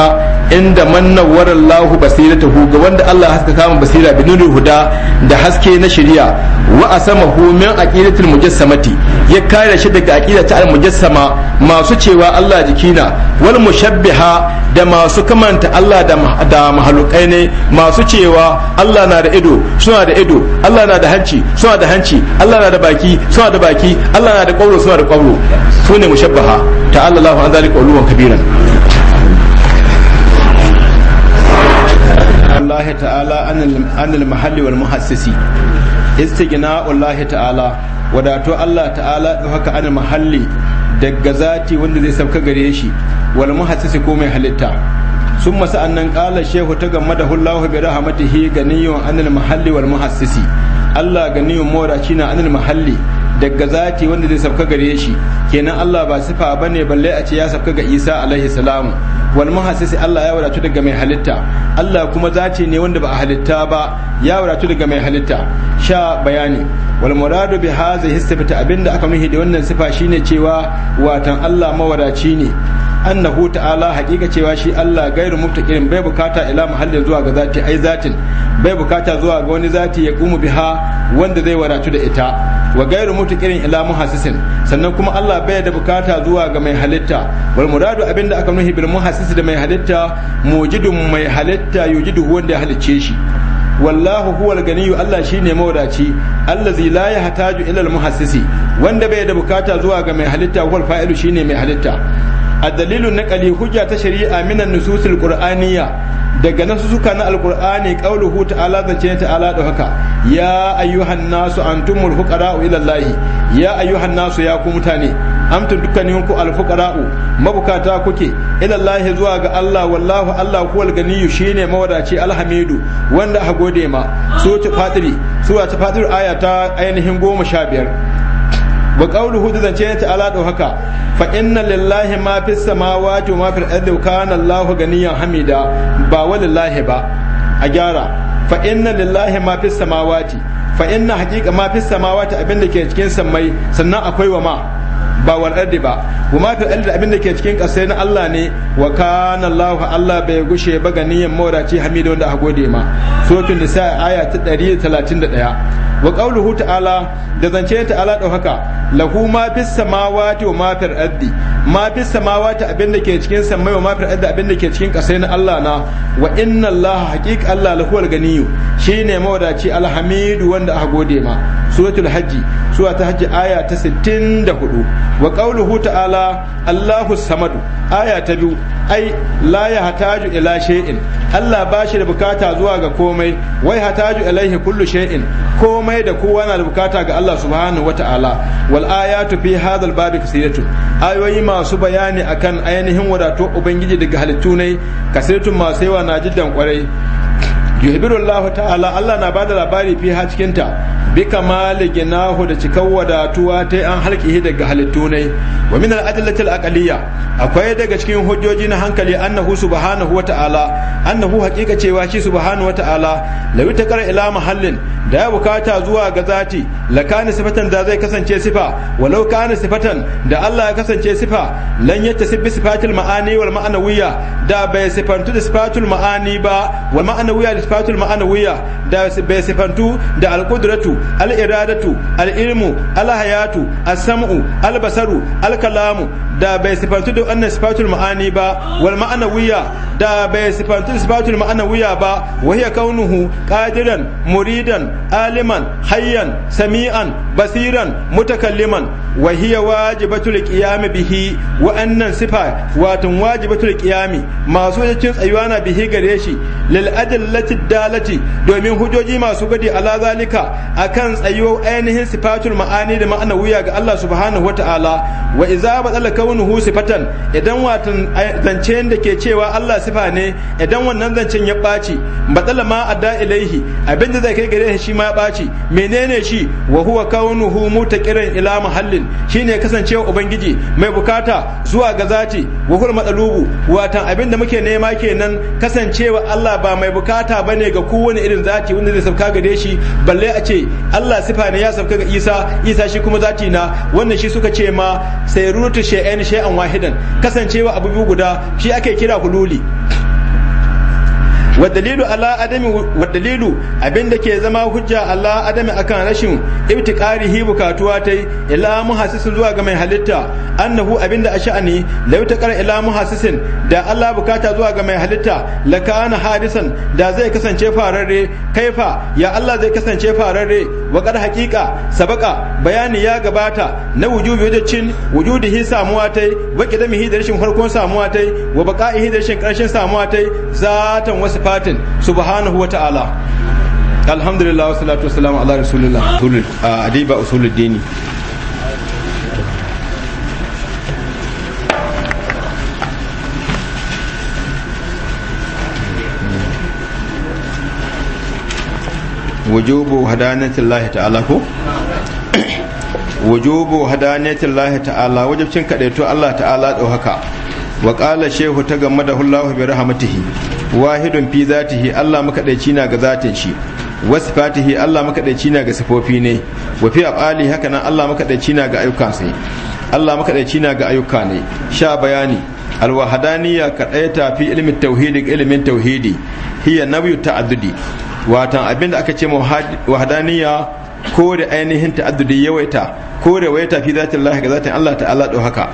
inda mannawar Allah basiratahu ga wanda Allah haska kama basira bin huda da haske na shari'a wa asamahu min aqidatil mujassamati ya kare shi daga aqidata al mujassama masu cewa Allah jikina wal mushabbiha da masu kamanta Allah da mahalukai ne masu cewa Allah na da ido suna da ido Allah na da hanci suna da hanci Allah na da baki suna da baki Allah na da kwauro suna da kwauro sune mushabbaha lahu an zalika uluwan kabiran الله تعالى عن المحل والمحسس استغناء الله تعالى وداتو الله تعالى هكا عن المحل daga zati wanda zai sauka gare shi wal muhassisi ko mai halitta sun masa annan kala shehu ta gamma da bi rahmatihi ganiyun anil mahalli wal muhassisi Allah ganiyun na anil mahalli daga zati wanda zai sauka gare shi kenan Allah ba sifa bane balle a ce ya sauka ga Isa alaihi wal sai Allah ya wadatu daga mai halitta Allah kuma zace ne wanda ba a halitta ba ya wadatu daga mai halitta sha bayani wal muradu bi hadhihi sifata abinda aka nuhi da wannan sifa shine cewa watan Allah mawadaci ne annahu ta'ala haƙiƙa cewa shi Allah gairu muftakirin bai bukata ila muhallin zuwa ga zati ai zatin bai bukata zuwa ga wani zati ya kuma biha wanda zai wadatu da ita wa gairu irin ila muhassisin sannan kuma Allah bai da bukata zuwa ga mai halitta wal muradu abinda aka nuhi bil muhassis da mai halitta mujidun mai halitta yujidu wanda ya halicce shi wallahu huwal ganiyu Allah shine mawadaci allazi la yahtaju ila al muhassisi wanda bai da bukata zuwa ga mai halitta wal fa'ilu shine mai halitta a dalilun naqali hujja ta shari'a minan nususil qur'aniyya daga nasu suka na alkur'ani qauluhu ta'ala zance ta'ala da haka ya ayyuhan nasu antumul fuqara'u ila Allah ya ayyuhan nasu ya ku mutane amtu dukkanin ku alfuqara'u mabukata kuke ila Allah zuwa ga Allah wallahu Allah kuwal ganiyyu shine mawadaci alhamidu wanda ha gode ma su ta fatiri su ta fatiri aya ta ainihin goma sha biyar wa qawluhu da zance ta ala do haka fa inna lillahi ma fis samawati wa ma fil ardi wa kana Allahu ganiyyan hamida ba walillahi ba a gyara fa inna lillahi ma fis samawati fa inna haqiqa ma fis samawati abinda ke cikin sammai sannan akwai wa ma ba wal ardi ba wa ma fil da abin da ke cikin ƙasa na Allah ne wa kana Allah Allah bai gushe ba ga niyan mawadaci hamidu wanda aka gode ma da sai aya ta 131 wa qauluhu ta'ala da zance ta'ala da haka lahu ma fis samawati wa ma fil ardi ma fis samawati abin da ke cikin samai wa ma fil ardi abin da ke cikin ƙasa na Allah na wa inna Allah haqiqa Allah lahu al ganiyu shine mawadaci alhamidu wanda aka gode ma suratul hajji suwa ta hajji aya ta 64 wa qauluhu ta'ala Allahu samadu aya ta biyu ai la ya hataju ila shay'in Allah ba shi da bukata zuwa ga komai wai hataju ilaihi kullu shay'in komai da kowa na da bukata ga Allah subhanahu wata'ala wal ayatu fi hadha babi kasiratun ayoyi masu bayani akan ainihin wadatuwar ubangiji daga halittu ne kasiratun masu yawa na jiddan kwarai yuhbiru ta'ala Allah na bada labari fi ha cikin ta bi kamali ginahu da cikar wadatuwa ta an halkihi daga halittu ne wa min al-adillati al-aqliyya akwai daga cikin hujjoji na hankali annahu subhanahu wa ta'ala annahu haqiqa cewa shi subhanahu wa ta'ala law taqara ila mahallin da ya bukata zuwa ga zati la sifatan da zai kasance sifa walau kana sifatan da Allah ya kasance sifa lan yattasib bi sifatil ma'ani wal ma'nawiyya da bai sifantu sifatul ma'ani ba wal ma'nawiyya sifatul ma'anawiyya da bai sifantu da alqudratu aliradatu alilmu alhayatu as-sam'u albasaru alkalamu da bai sifantu da wannan sifatul ma'ani ba wal ma'anawiyya da bai sifantu da sifatul ma'anawiyya ba wa hiya kaunuhu qadiran muridan aliman hayyan sami'an basiran mutakalliman wa hiya wajibatul qiyam bihi wa annan sifa watan wajibatul qiyam masu cikin tsayuwa na bihi gare shi lil adillati dalati domin hujoji masu gadi ala zalika akan tsayo ainihin sifatul ma'ani da ma'ana wuya ga Allah subhanahu wata'ala wa iza badala kaunuhu sifatan idan watan zancen da ke cewa Allah sifa ne idan wannan zancen ya ɓaci badala ma adda ilaihi abinda zai kai gare shi ma ya ɓaci menene shi wa huwa kaunuhu mutaqiran ila mahallin shine kasancewa ubangiji mai bukata zuwa ga zati wa hul matalubu watan abinda muke nema kenan kasancewa Allah ba mai bukata ba ne ga kowane irin zati wanda zai sauka gare shi balle a ce Allah sifa ne ya sauka ga Isa Isa shi kuma zati na wannan shi suka ce ma sayrutu shay'an shay'an wahidan kasancewa abu guda shi ake kira hululi wa dalilu abinda ke zama hujja ala adami akan rashin ibtiqarihi bukatuwa tai ila muhassisin zuwa ga mai halitta annahu abinda a sha'ani law taqar ila muhassisin da Allah bukata zuwa ga mai halitta lakana hadisan da zai kasance fararre kaifa ya Allah zai kasance fararre wakar hakika haqiqa sabaka bayani ya gabata na wujubi wajacin wujudihi samuwa tai wa qidamihi da rashin farkon samuwa tai wa baqaihi rashin zatan wasu sifatin subhanahu wa ta'ala alhamdulillah wa salatu wassalamu ala rasulillah uh, adiba usuluddini wujubu hadanatin lahi ta'ala ko <coughs> wujubu hadanatin lahi ta'ala wajibcin kadaito Allah ta'ala ɗau haka wa qala shehu ta game da hullahu bi rahmatihi wahidun fi zatihi Allah makadaici na ga zatin shi wa sifatihi Allah makadaici na ga sifofi ne wa fi afali haka nan Allah makadaici na ga ayyukan sai Allah makadaici na ga ayyuka ne sha bayani alwahadaniya ta fi ilmin tauhidi ilmin tauhidi hiya nabyu ta'addudi watan abinda aka ce wahadaniya ko da ainihin ta'addudi yawaita ko da waita fi zatin Allah ga zatin Allah ta'ala do haka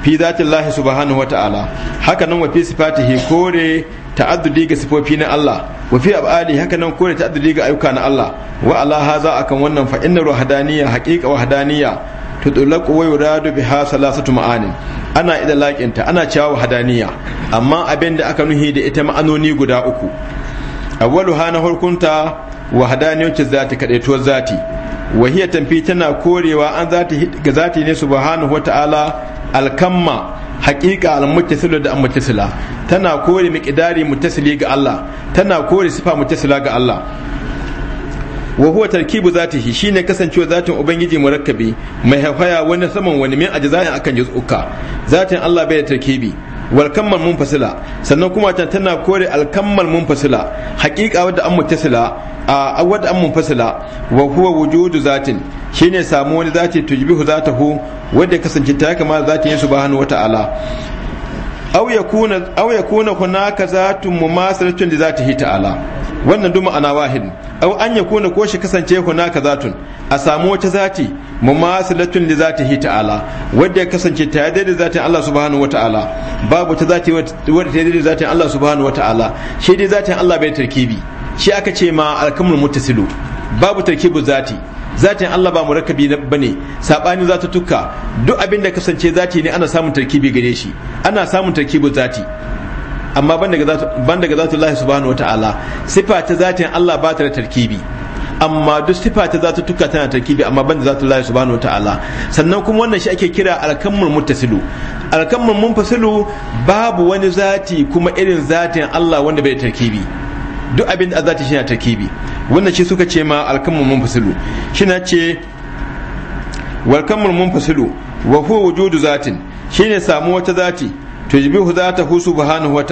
fi zatin Allah subhanahu wa ta'ala haka nan wa fi sifatihi kore ta'addudi ga sifofi na Allah wa fi abadi haka nan kore ta'addudi ga ayyuka na Allah wa ala haza akan wannan fa inna ruhadaniya haqiqa wahdaniyya tutulaqu wa yuradu biha salasatu ma'anin ana ida laƙinta ana cewa wahdaniyya amma abin da aka nuhi da ita ma'anoni guda uku awwalu hana hurkunta wahdaniyatu zati kadaituwar zati wa hiya tanfi tana korewa an zati ga zati ne subhanahu wa ta'ala alkamma haƙiƙa al-muttasilu da al-muttasila tana kore miqdari muttasili ga Allah tana kore sifa muttasila ga Allah wa huwa tarkibu zatihi shine kasancewa zatin ubangiji murakkabi mai haifaya wani saman wani min ajza'in akan juz'uka zatin Allah bai da tarkibi wal kammal munfasila sannan kuma ta tana kore al kammal munfasila haqiqa wadda a wadda an munfasila wa huwa wujudu zatin shine samu wani zati tujbihu zatahu wadda kasance ta kama zatin ya subhanahu wata'ala aw yakuna aw yakuna hunaka zatun mumasalatun li zatihi ala. wannan duma ana wahin aw an kuna ko shi kasance hunaka zatun a samu wata zati mumasilatun li hi ta'ala wadda ya kasance ta yadda da zatin Allah subhanahu wata'ala babu ta zati wadda ta yadda da zatin Allah subhanahu wata'ala shi dai zatin Allah bai tarkibi shi aka ce ma alkamul muttasilu babu tarkibu zati zatin Allah ba murakkabi bane sabani zata tukka duk abin da kasance zati ne ana samun tarkibi gare shi ana samun tarkibu zati amma ban daga zatu Allah subhanahu wa ta'ala sifa ta zatin Allah ba ta da tarkibi amma duk sifa ta zatu tuka tana tarkibi amma ban da zatu Allah subhanahu wa ta'ala sannan kuma wannan shi ake kira alkamul muttasilu alkamul munfasilu babu wani zati kuma irin zatin Allah wanda bai tarkibi duk abin da zati shi na tarkibi wannan shi suka ce ma alkamul munfasilu shi na ce walkamul munfasilu wa huwa wujudu zatin shine samu wata zati tujbihu zatahu subhanahu wa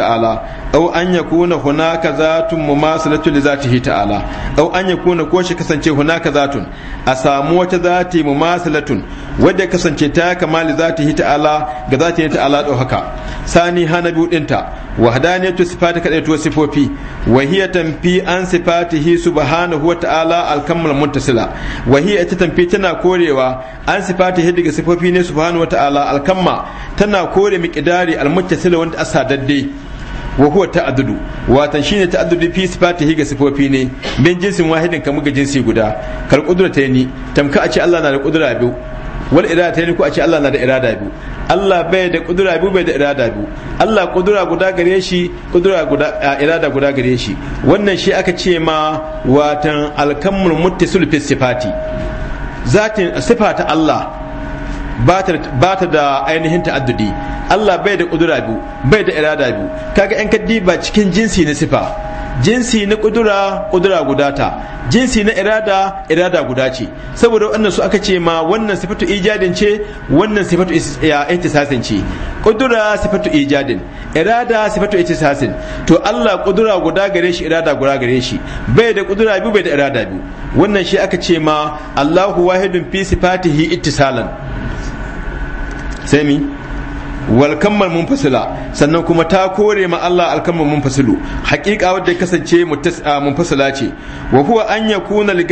aw an yakuna hunaka zatun mumasilatu li zatihi ta'ala aw an yakuna ko shi kasance hunaka zatun a samu wata zati mumasilatun wadda kasance ta kama li zatihi ta'ala ga zatihi ta'ala do haka sani hanabi dinta wahdaniyatu sifati kadaito sifofi wa hiya tanfi an sifatihi subhanahu wa ta'ala al-kammal muttasila wa hiya ita tanfi tana korewa an sifatihi daga sifofi ne subhanahu wa ta'ala al-kamma tana kore miqdari al-muttasila wanda asadadde wa huwa ta'addudu watan shine ta'addudu fi sifatihi ga sifofi ne bin jinsin wahidin kamu ga jinsi guda kal qudratayni tamka a ce Allah na da qudra biyu wal iradatayn ko a ce Allah na da irada biyu Allah bai da kudura biyu bai da irada biyu Allah kudura guda gare shi kudura guda irada guda gare shi wannan shi aka ce ma watan alkamul muttasil fi sifati zatin sifata Allah ba ta da ainihin ta'addudi Allah bai da kudura biyu bai da irada biyu kaga yan kaddi ba cikin jinsi na sifa jinsi na kudura kudura guda ta jinsi na irada irada guda ce saboda wannan su aka ce ma wannan sifatu ijadin ce wannan sifatu ihtisasin ce kudura sifatu ijadin irada sifatu ihtisasin to Allah kudura guda gare shi irada guda gare shi bai da kudura biyu bai da irada biyu wannan shi aka ce ma Allahu wahidun fi sifatihi ittisalan sai mi wal mun fasila sannan kuma ta kore ma Allah al mun munfasilu haqiqa wanda kasance mun fasila ce wa huwa an yakuna li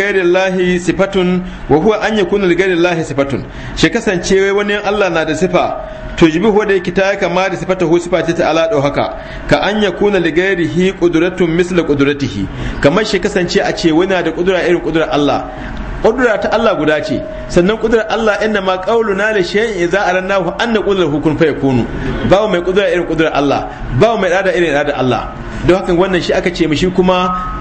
sifatun wa huwa an yakuna li Allah sifatun shi kasance wani Allah na da sifa tujbihu da yake ta kama da hu sifa ce ta ala dau haka ka an yakuna li hi qudratun misla qudratihi kamar shi kasance a ce wani da kudura irin kudura Allah Kudura ta Allah guda ce sannan kudura Allah inna ma qauluna li shay'in idza arannahu an qudura hukun fa yakunu bawo mai kudura irin kudura Allah bawo mai irada irin irada Allah don haka wannan shi aka ce mishi kuma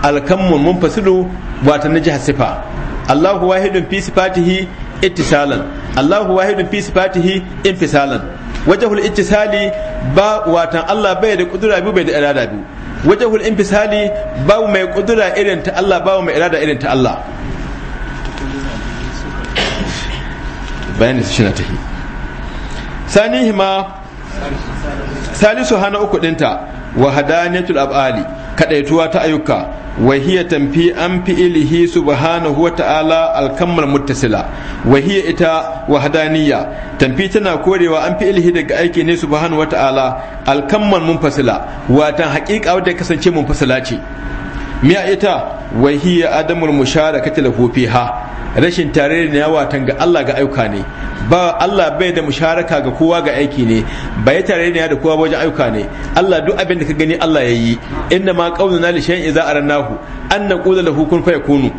mun munfasilu wata na jihar sifa Allahu wahidun fi sifatihi ittisalan Allahu wahidun fi sifatihi infisalan wajhul ittisali ba watan Allah bai da kudura biyu bai da irada biyu wajhul infisali babu mai kudura irin ta Allah babu mai irada irin ta Allah bayani shi na tahi sanihi ma salisu hana uku dinta wa hadaniyatul ab'ali kadaituwa ta ayyuka wa hiya tanfi an fi'ilihi subhanahu wa ta'ala alkammal muttasila wa hiya ita wahdaniyya tanfi tana korewa an fi'ilihi daga aiki ne subhanahu wa ta'ala alkammal munfasila watan haƙiƙa wadda kasance munfasila ce miya ita wa hiya adamul musharakati lahu fiha rashin tare da watan ga Allah ga ayyuka ne ba Allah bai da musharaka ga kowa ga aiki ne ba ya tare da kowa wajen ayyuka ne Allah duk abin da ka gani Allah ya yi. Inda ma qauluna li shay'in idza aranahu an naqula lahu kun fayakunu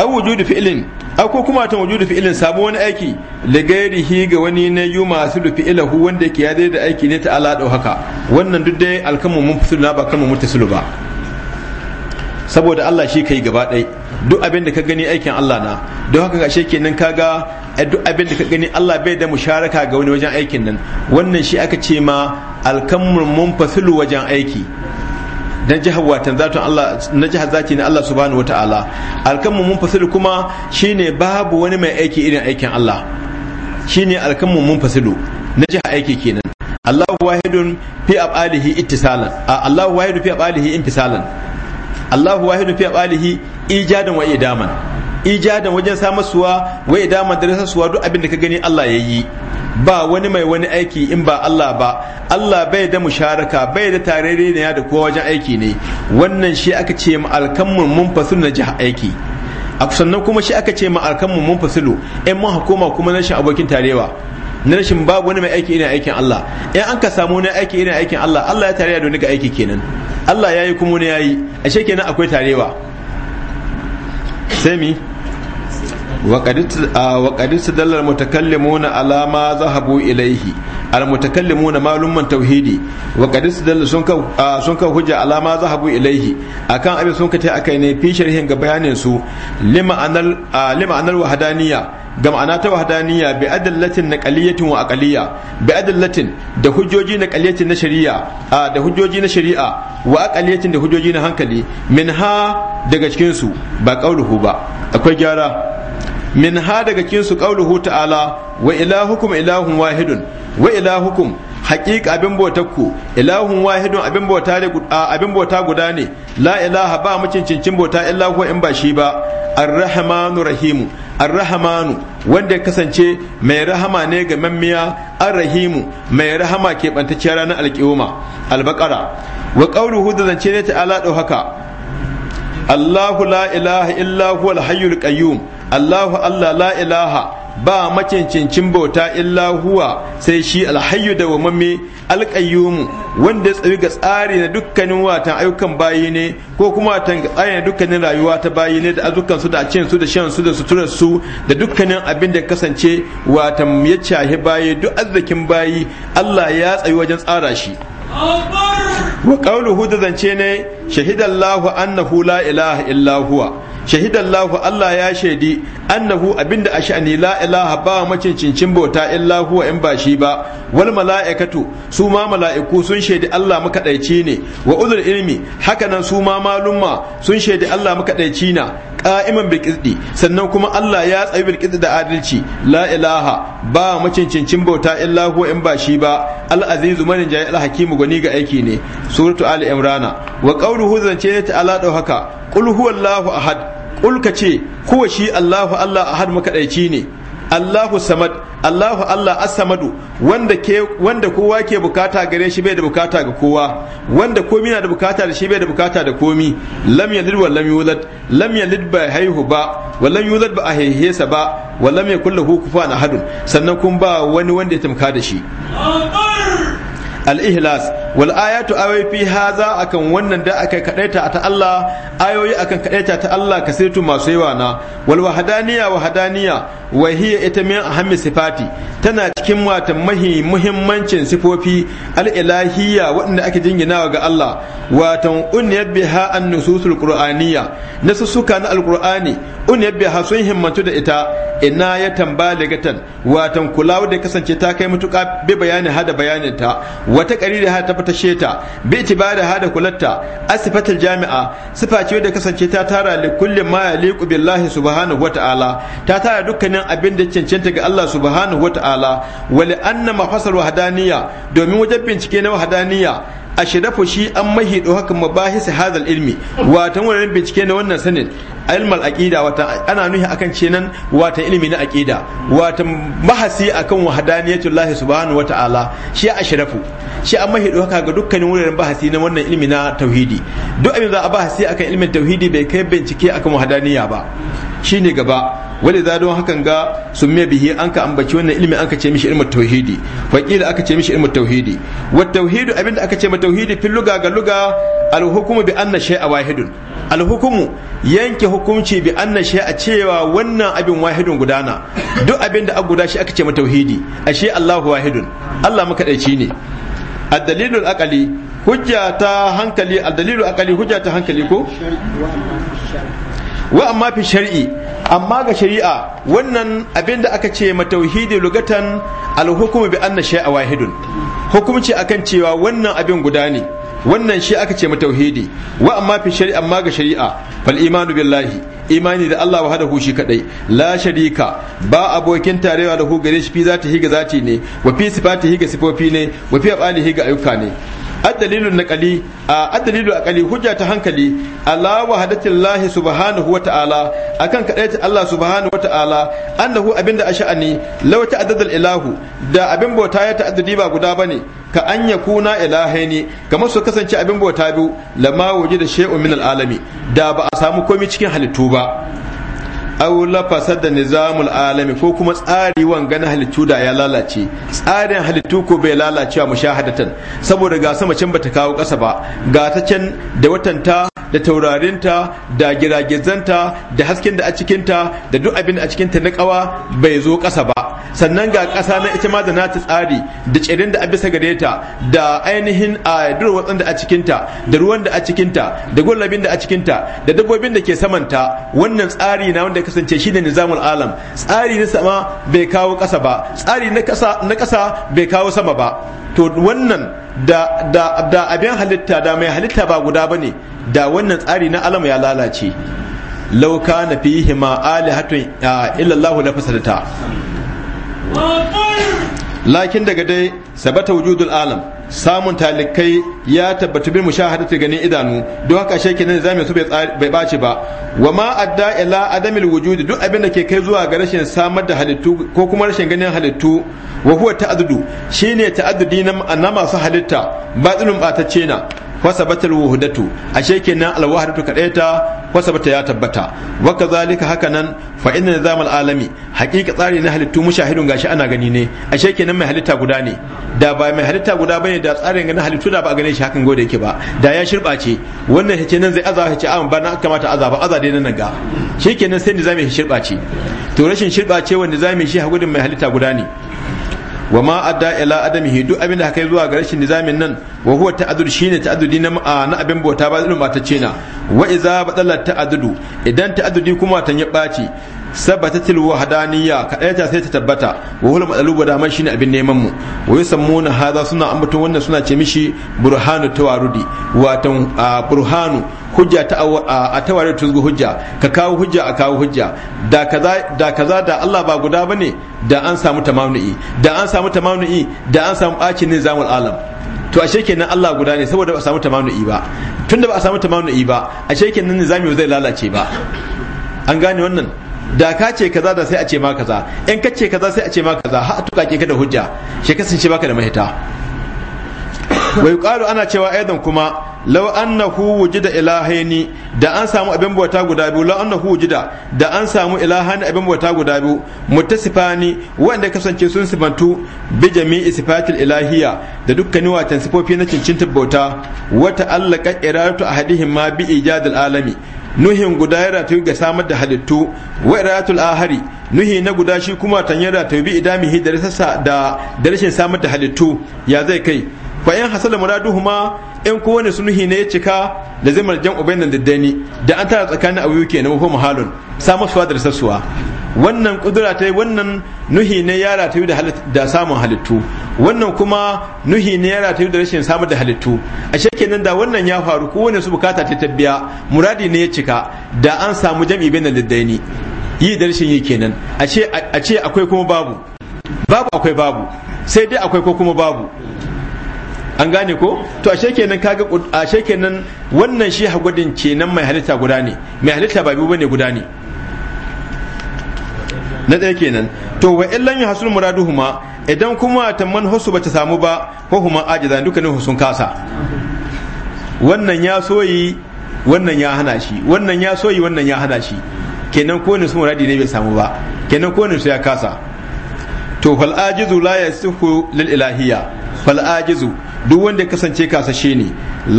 aw wujudu fi'lin akwai kuma ta wujudu fi'ilin samu wani aiki da gairihi ga wani na yu masu da fi'ilahu wanda ke ya da aiki ne ta ala haka wannan duk dai alkamu mun fi ba kalmu mutasilu ba saboda Allah shi kai gaba ɗai duk abin da ka gani aikin Allah na don haka gashe kenan kaga duk abin da ka gani Allah bai da musharaka ga wani wajen aikin nan wannan shi aka ce ma alkamun munfasilu wajen aiki na jihar zatun Allah na jihar zaki na Allah subhanahu wataala alkanmu mun fasilu kuma shine babu wani mai aiki irin aikin Allah shine alkanmu mun fasilu na jihar aiki kenan Allahu wahidun fi af'alihi ittisalan Allahu wahidun fi infisalan wahidun fi ijadan wa idaman ijadan wajen samar suwa wa idan madrasa suwa duk abin da ka gani Allah ya yi ba wani mai wani aiki in ba Allah ba Allah bai da musharaka bai da tarere ne da kowa wajen aiki ne wannan shi aka ce ma mun munfasil na jiha aiki a kusannan kuma shi aka ce ma alkammun munfasilu in mun hukuma kuma na shi abokin tarewa na rashin babu wani mai aiki ina aikin Allah in an ka samu wani aiki ina aikin Allah Allah ya tare da wani ga aiki kenan Allah ya yi kuma wani ya yi ashe kenan akwai tarewa sai mi وقد استدل المتكلمون على ما ذهبوا إليه المتكلمون معلوم من توحيدي وقد استدل سنك حجة على ما ذهبوا إليه أكان أبي سنك تأكيني في شرحين بيان سو لما أن الوحدانية ga ana ta wahdaniya bi adallatin naqaliyatin wa aqaliya bi adallatin da hujjoji naqaliyatin na shari'a da hujjoji na shari'a wa aqaliyatin da hujjoji na hankali min ha daga cikin su ba qauluhu ba akwai gyara min ha daga kinsu qauluhu ta'ala wa ilahukum ilahun wahidun wa ilahukum haqiqa abin bautakku ilahun wahidun abin bauta abin bauta guda ne la ilaha ba mu cincin bauta illa huwa in ba shi ba arrahmanu rahimu arrahmanu wanda ya kasance mai rahama ne ga mammiya arrahimu mai rahama ke bantacciyar ranar alƙiyoma albaqara wa qauluhu da zance ne ta'ala dau haka Allahu la ilaha illa huwa al-hayyul qayyum Allahu Allah la ilaha ba macincincin bauta illa huwa sai shi alhayyu da wamamme alƙayyumu wanda ya tsayu ga tsari na dukkanin watan ayyukan bayi ne ko kuma watan ga tsari na dukkanin rayuwa ta bayi ne da azukan su da cin su da shan su da suturar su da dukkanin abin da kasance watan ya cahi bayi duk arzikin bayi Allah ya tsayi wajen tsara shi wa qawluhu da zance ne shahidallahu annahu la ilaha illa huwa shahidallahu Allah ya shaidi annahu abinda a sha'ani la ilaha ba macincincin bauta illa huwa in ba shi ba wal mala'ikatu su ma mala'iku sun shaidi Allah makadaici ne wa uzur ilmi hakanan su ma malumma sun shaidi Allah makadaici na qa'iman bil sannan kuma Allah ya tsayi bil da adalci la ilaha ba macincincin bauta illa huwa in ba shi ba al azizu manin jayi al ga aiki ne suratu al imrana wa qawluhu zance ta ala haka qul huwallahu ahad ulka ce kuwa shi Allahu Allah ahad makadaici ne Allahu samad Allahu Allah as-samadu wanda ke wanda kowa ke bukata gare shi bai da bukata ga kowa wanda komi na da bukata da shi bai da bukata da komi lam yalid wa lam yulad lam yalid ba haihu ba wa lam yulad ba ahaihesa ba wa lam yakul lahu kufuwan ahadun sannan kun ba wani wanda ya tamka da shi al-ihlas wal ayatu awai fi haza akan wannan da aka kadaita ta Allah ayoyi akan kadaita ta Allah kasaitu masu yawa na wal wahadaniya wahadaniya wa hiya ita min ahammi sifati tana cikin wata mahi muhimmancin sifofi al ilahiyya waɗanda ake jinginawa ga Allah watan unyat biha an nususul qur'aniyya nasu suka na alqur'ani unyat biha sun himmantu da ita ina ya tambaligatan watan kulawa da kasance ta kai mutuka bi bayani hada bayanin ta wata qarira ta fatashe ta bi itibari hada kulatta asifatul jami'a sifa ce da kasance ta tara li kulli ma yaliqu billahi subhanahu wata'ala ta tara dukkanin abin da cancanta ga Allah subhanahu wata'ala li anna mafasal wahdaniyya domin wajen bincike na wahdaniyya A ashrafu shi an mahido haka mabahis hadal ilmi watan wani bincike na wannan sanin ilmal aqida wata ana nuhi akan nan wata ilmi na aqida wata bahasi akan wahdaniyatullah subhanahu wataala shi a shirafu shi an mahido haka ga dukkanin wuraren bahasi na wannan ilmi na tauhidi duk abin za a bahasi akan ilmin tauhidi bai kai bincike akan wahdaniya ba shine gaba wali za don hakan ga sun me bihi an ka ambaci wannan ilmi an ka ce mishi ilmu tauhidi faqila aka ce mishi ilmu tauhidi wa tauhidu abinda aka ce ma tauhidi fil luga ga luga al hukumu bi anna a wahidun al hukumu yanke hukunci bi anna a cewa wannan abin wahidun gudana duk abinda a guda shi aka ce ma tauhidi ashe Allahu wahidun Allah makadaici ne الدليل الأقلي hujja ta hankali akali hujja ta hankali ko wa amma fi shar'i amma ga shari'a wannan abin da aka ce matauhidi lugatan alhukumu bi anna shay'a wahidun hukumci akan cewa wannan abin guda ne wannan shi aka ce matauhidi wa amma fi shari'a amma ga shari'a fal imanu billahi imani da Allah wahdahu shi kadai la sharika ba abokin tarewa da hu gare shi fi zati higa zati ne wa fi sifati higa sifofi ne wa fi afalihi ga ayyuka ne ad-dalilu naqali ad-dalilu aqali hujja ta hankali ala wahadatillahi subhanahu wa ta'ala akan kaɗaita Allah subhanahu wa ta'ala annahu abinda asha'ani law ta'addada ilahu da abin bota ya ta'addadi ba guda bane ka an kuna ilahaini kamar su kasance abin bota biyu lama da shay'un min al'alami alami da ba a samu komai cikin halittu ba aw lafasa da nizamul alami ko kuma tsari wanga na halittu da ya lalace tsarin halittu ko bai lalace a mushahadatan saboda ga sama can bata kawo ƙasa ba ga ta can da watanta da taurarinta da giragizanta da hasken da a cikinta da duk abin da a cikinta na kawa bai zo ƙasa ba sannan ga ƙasa na ita ma da nata tsari da tsirin da a bisa gare ta da ainihin a durwatsan da a cikinta da ruwan da a cikinta da gullabin da a cikinta da dabbobin da ke samanta wannan tsari na wanda ya kasance ne nizamul alam tsari na sama bai kawo ƙasa ba tsari na ƙasa bai kawo sama ba to wannan da abin halitta da mai halitta ba guda ba ne, da wannan tsari na alam ya lalace lauka na fihi ma alihatun illallahu na fasadata lakin daga dai sabata wujudul alam samun talikai ya tabbatu bil mushahadati ganin idanu don haka shekin nan zamu su bai bace ba wa ma adda ila adamil wujud duk abin da ke kai zuwa ga rashin samar da halittu ko kuma rashin ganin halittu wa huwa ta'addu shine ta'addudi na masu halitta batsulun batacce na fasabatul wuhdatu ashe kenan wahdatu kadaita kwasabata ya tabbata wa kazalika haka nan fa inna nizamal alami hakika tsari na halittu mushahidun gashi ana gani ne ashe kenan mai halitta guda ne da ba mai halitta guda bane da tsarin ganin halittu da ba a gane shi hakan gode yake ba da ya shirbace wannan hace nan zai azaba hace amma ba na kamata azaba azaba dai nan ga shikenan sai nizami shi shirbace to rashin shirbace wanda nizami shi hagudin mai halitta guda ne wa ma adda ila adamihi duk abin da kai zuwa ga rashin nizamin nan wa huwa ta'addud shine ta'addudi na na abin bauta ba zai ce na wa iza badalla ta'addudu idan ta'addudi kuma ta ya baci sabatatil wahdaniyya kadaita sai ta tabbata wa hul matsalubu da man shine abin neman mu wa yusammuna hadha suna ambaton wannan suna ce mishi burhanu tawarudi watan burhanu hujja ta a tawarudi tuzgu hujja ka kawo hujja a kawo hujja da kaza da kaza da Allah ba guda bane da an samu tamamu'i da an samu tamamu'i da an samu bacin nizamul alam to ashe kenan Allah guda ne saboda ba a samu tamamu'i ba tunda ba a samu tamamu'i ba ashe kenan nizami zai lalace ba an gane wannan da ka ce kaza da sai a ce ma kaza in ka ce kaza sai a ce ma kaza ha tuka ke ka da hujja shi kasance baka da mahita wa yuqalu ana cewa aidan kuma law annahu wujida ilahaini da an samu abin bauta guda biyu law annahu wujida da an samu ilahan abin bauta guda biyu muttasifani wanda kasance sun sifantu bi jami'i sifatil ilahiyya da dukkanin watan sifofi na cincinta bauta wa ta'allaqa iradatu ahadihim ma bi ijadil alami nuhin guda ya ratu ga samar da halittu wa iratul ahari nuhi na guda shi kuma ratu bi idami hidar sassa da rashin samar da halittu ya zai kai fa in hasala muraduhuma in wani sunuhi ne ya cika da zai marjan ubainan daddani da an tara tsakanin abu ke na mafi muhalun samun suwa da rasassuwa wannan kudura ta wannan nuhi ne ya ratayu da samun halittu wannan kuma nuhi ne ya ratayu da rashin samar da halittu a kenan da wannan ya faru wani su bukata ta tabbiya muradi ne ya cika da an samu jam'i bainan daddani yi da rashin yi kenan a ce akwai kuma babu babu akwai babu sai dai akwai ko kuma babu an gane ko to ashe kenan kaga ashe kenan wannan shi hagudin kenan mai halitta guda ne mai halitta ba biyu bane guda ne na ɗaya kenan to wa illan ya hasul muraduhuma idan kuma tamman husu ta samu ba ko huma duka dukkanin sun kasa wannan ya soyi wannan ya hana shi wannan ya soyi wannan ya hana shi kenan ko ne su muradi ne bai samu ba kenan ko ne su ya kasa to fal ajizu la yasihu lil ilahiyya fal ajizu duk wanda kasance shi ne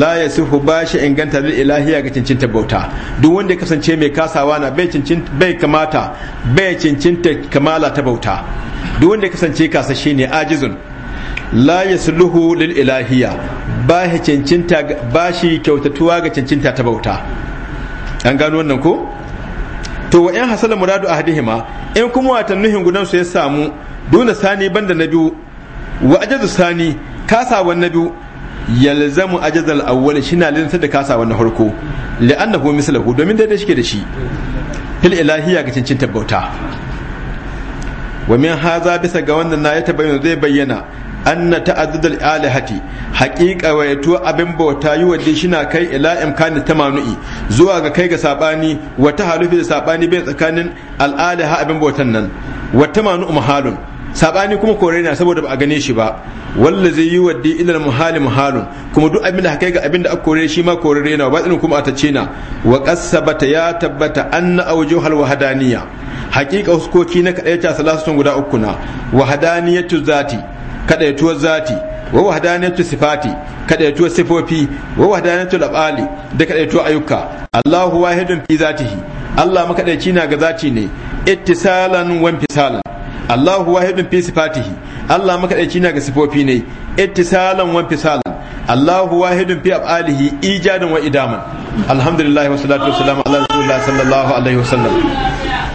la yasihu ba shi inganta lil ilahiyya ga cincinta bauta duk wanda kasance mai kasawa na bai cincin bai kamata bai cincinta kamala ta bauta duk wanda kasance shi ne ajizun la yasluhu lil ilahiyya ba shi cincinta ba shi kyautatuwa ga cincinta ta bauta an gano wannan ko to wa in hasala muradu ahdihima in kuma watan nuhin gudan su ya samu duna sani banda na biyu wa ajazu sani wa na biyu yalzamu ajazal awwal shina linsa da kasawan na farko li'annahu mislahu domin daidai shike da shi fil ilahiyya ga cincin tabbauta wa min haza bisa ga wannan na ya tabayyana zai bayyana anna ta'addudul alihati haqiqa wa yato abin bauta yi shi na kai ila imkani tamanu'i zuwa ga kai ga sabani wa tahalufi da sabani bai tsakanin al-aliha abin bautan nan wa tamanu mahalun sabani kuma kore na saboda ba a gane shi ba walla zai yi waddi ilal muhali muhalun kuma duk abin da kai ga abin da aka kore shi ma kore na ba tsinin kuma a tace na wa bata ya tabbata na awjuh hal wahdaniyya haqiqa huskoki na ta salasatun guda uku na wahdaniyatu zati kadaituwar zati wa wahdaniyatu sifati kadaituwar sifofi wa wahdaniyatu labali da kadaituwar ayyuka Allahu wahidun fi zatihi Allah makaɗaici na ga zati ne ittisalan wa infisalan Allahu wahidun fi sifatihi Allah makadaici na ga sifofi ne ittisalan wa fisalan Allahu wahidun fi af'alihi ijadan wa idaman alhamdulillah wa salatu wa salam ala rasulillah sallallahu alaihi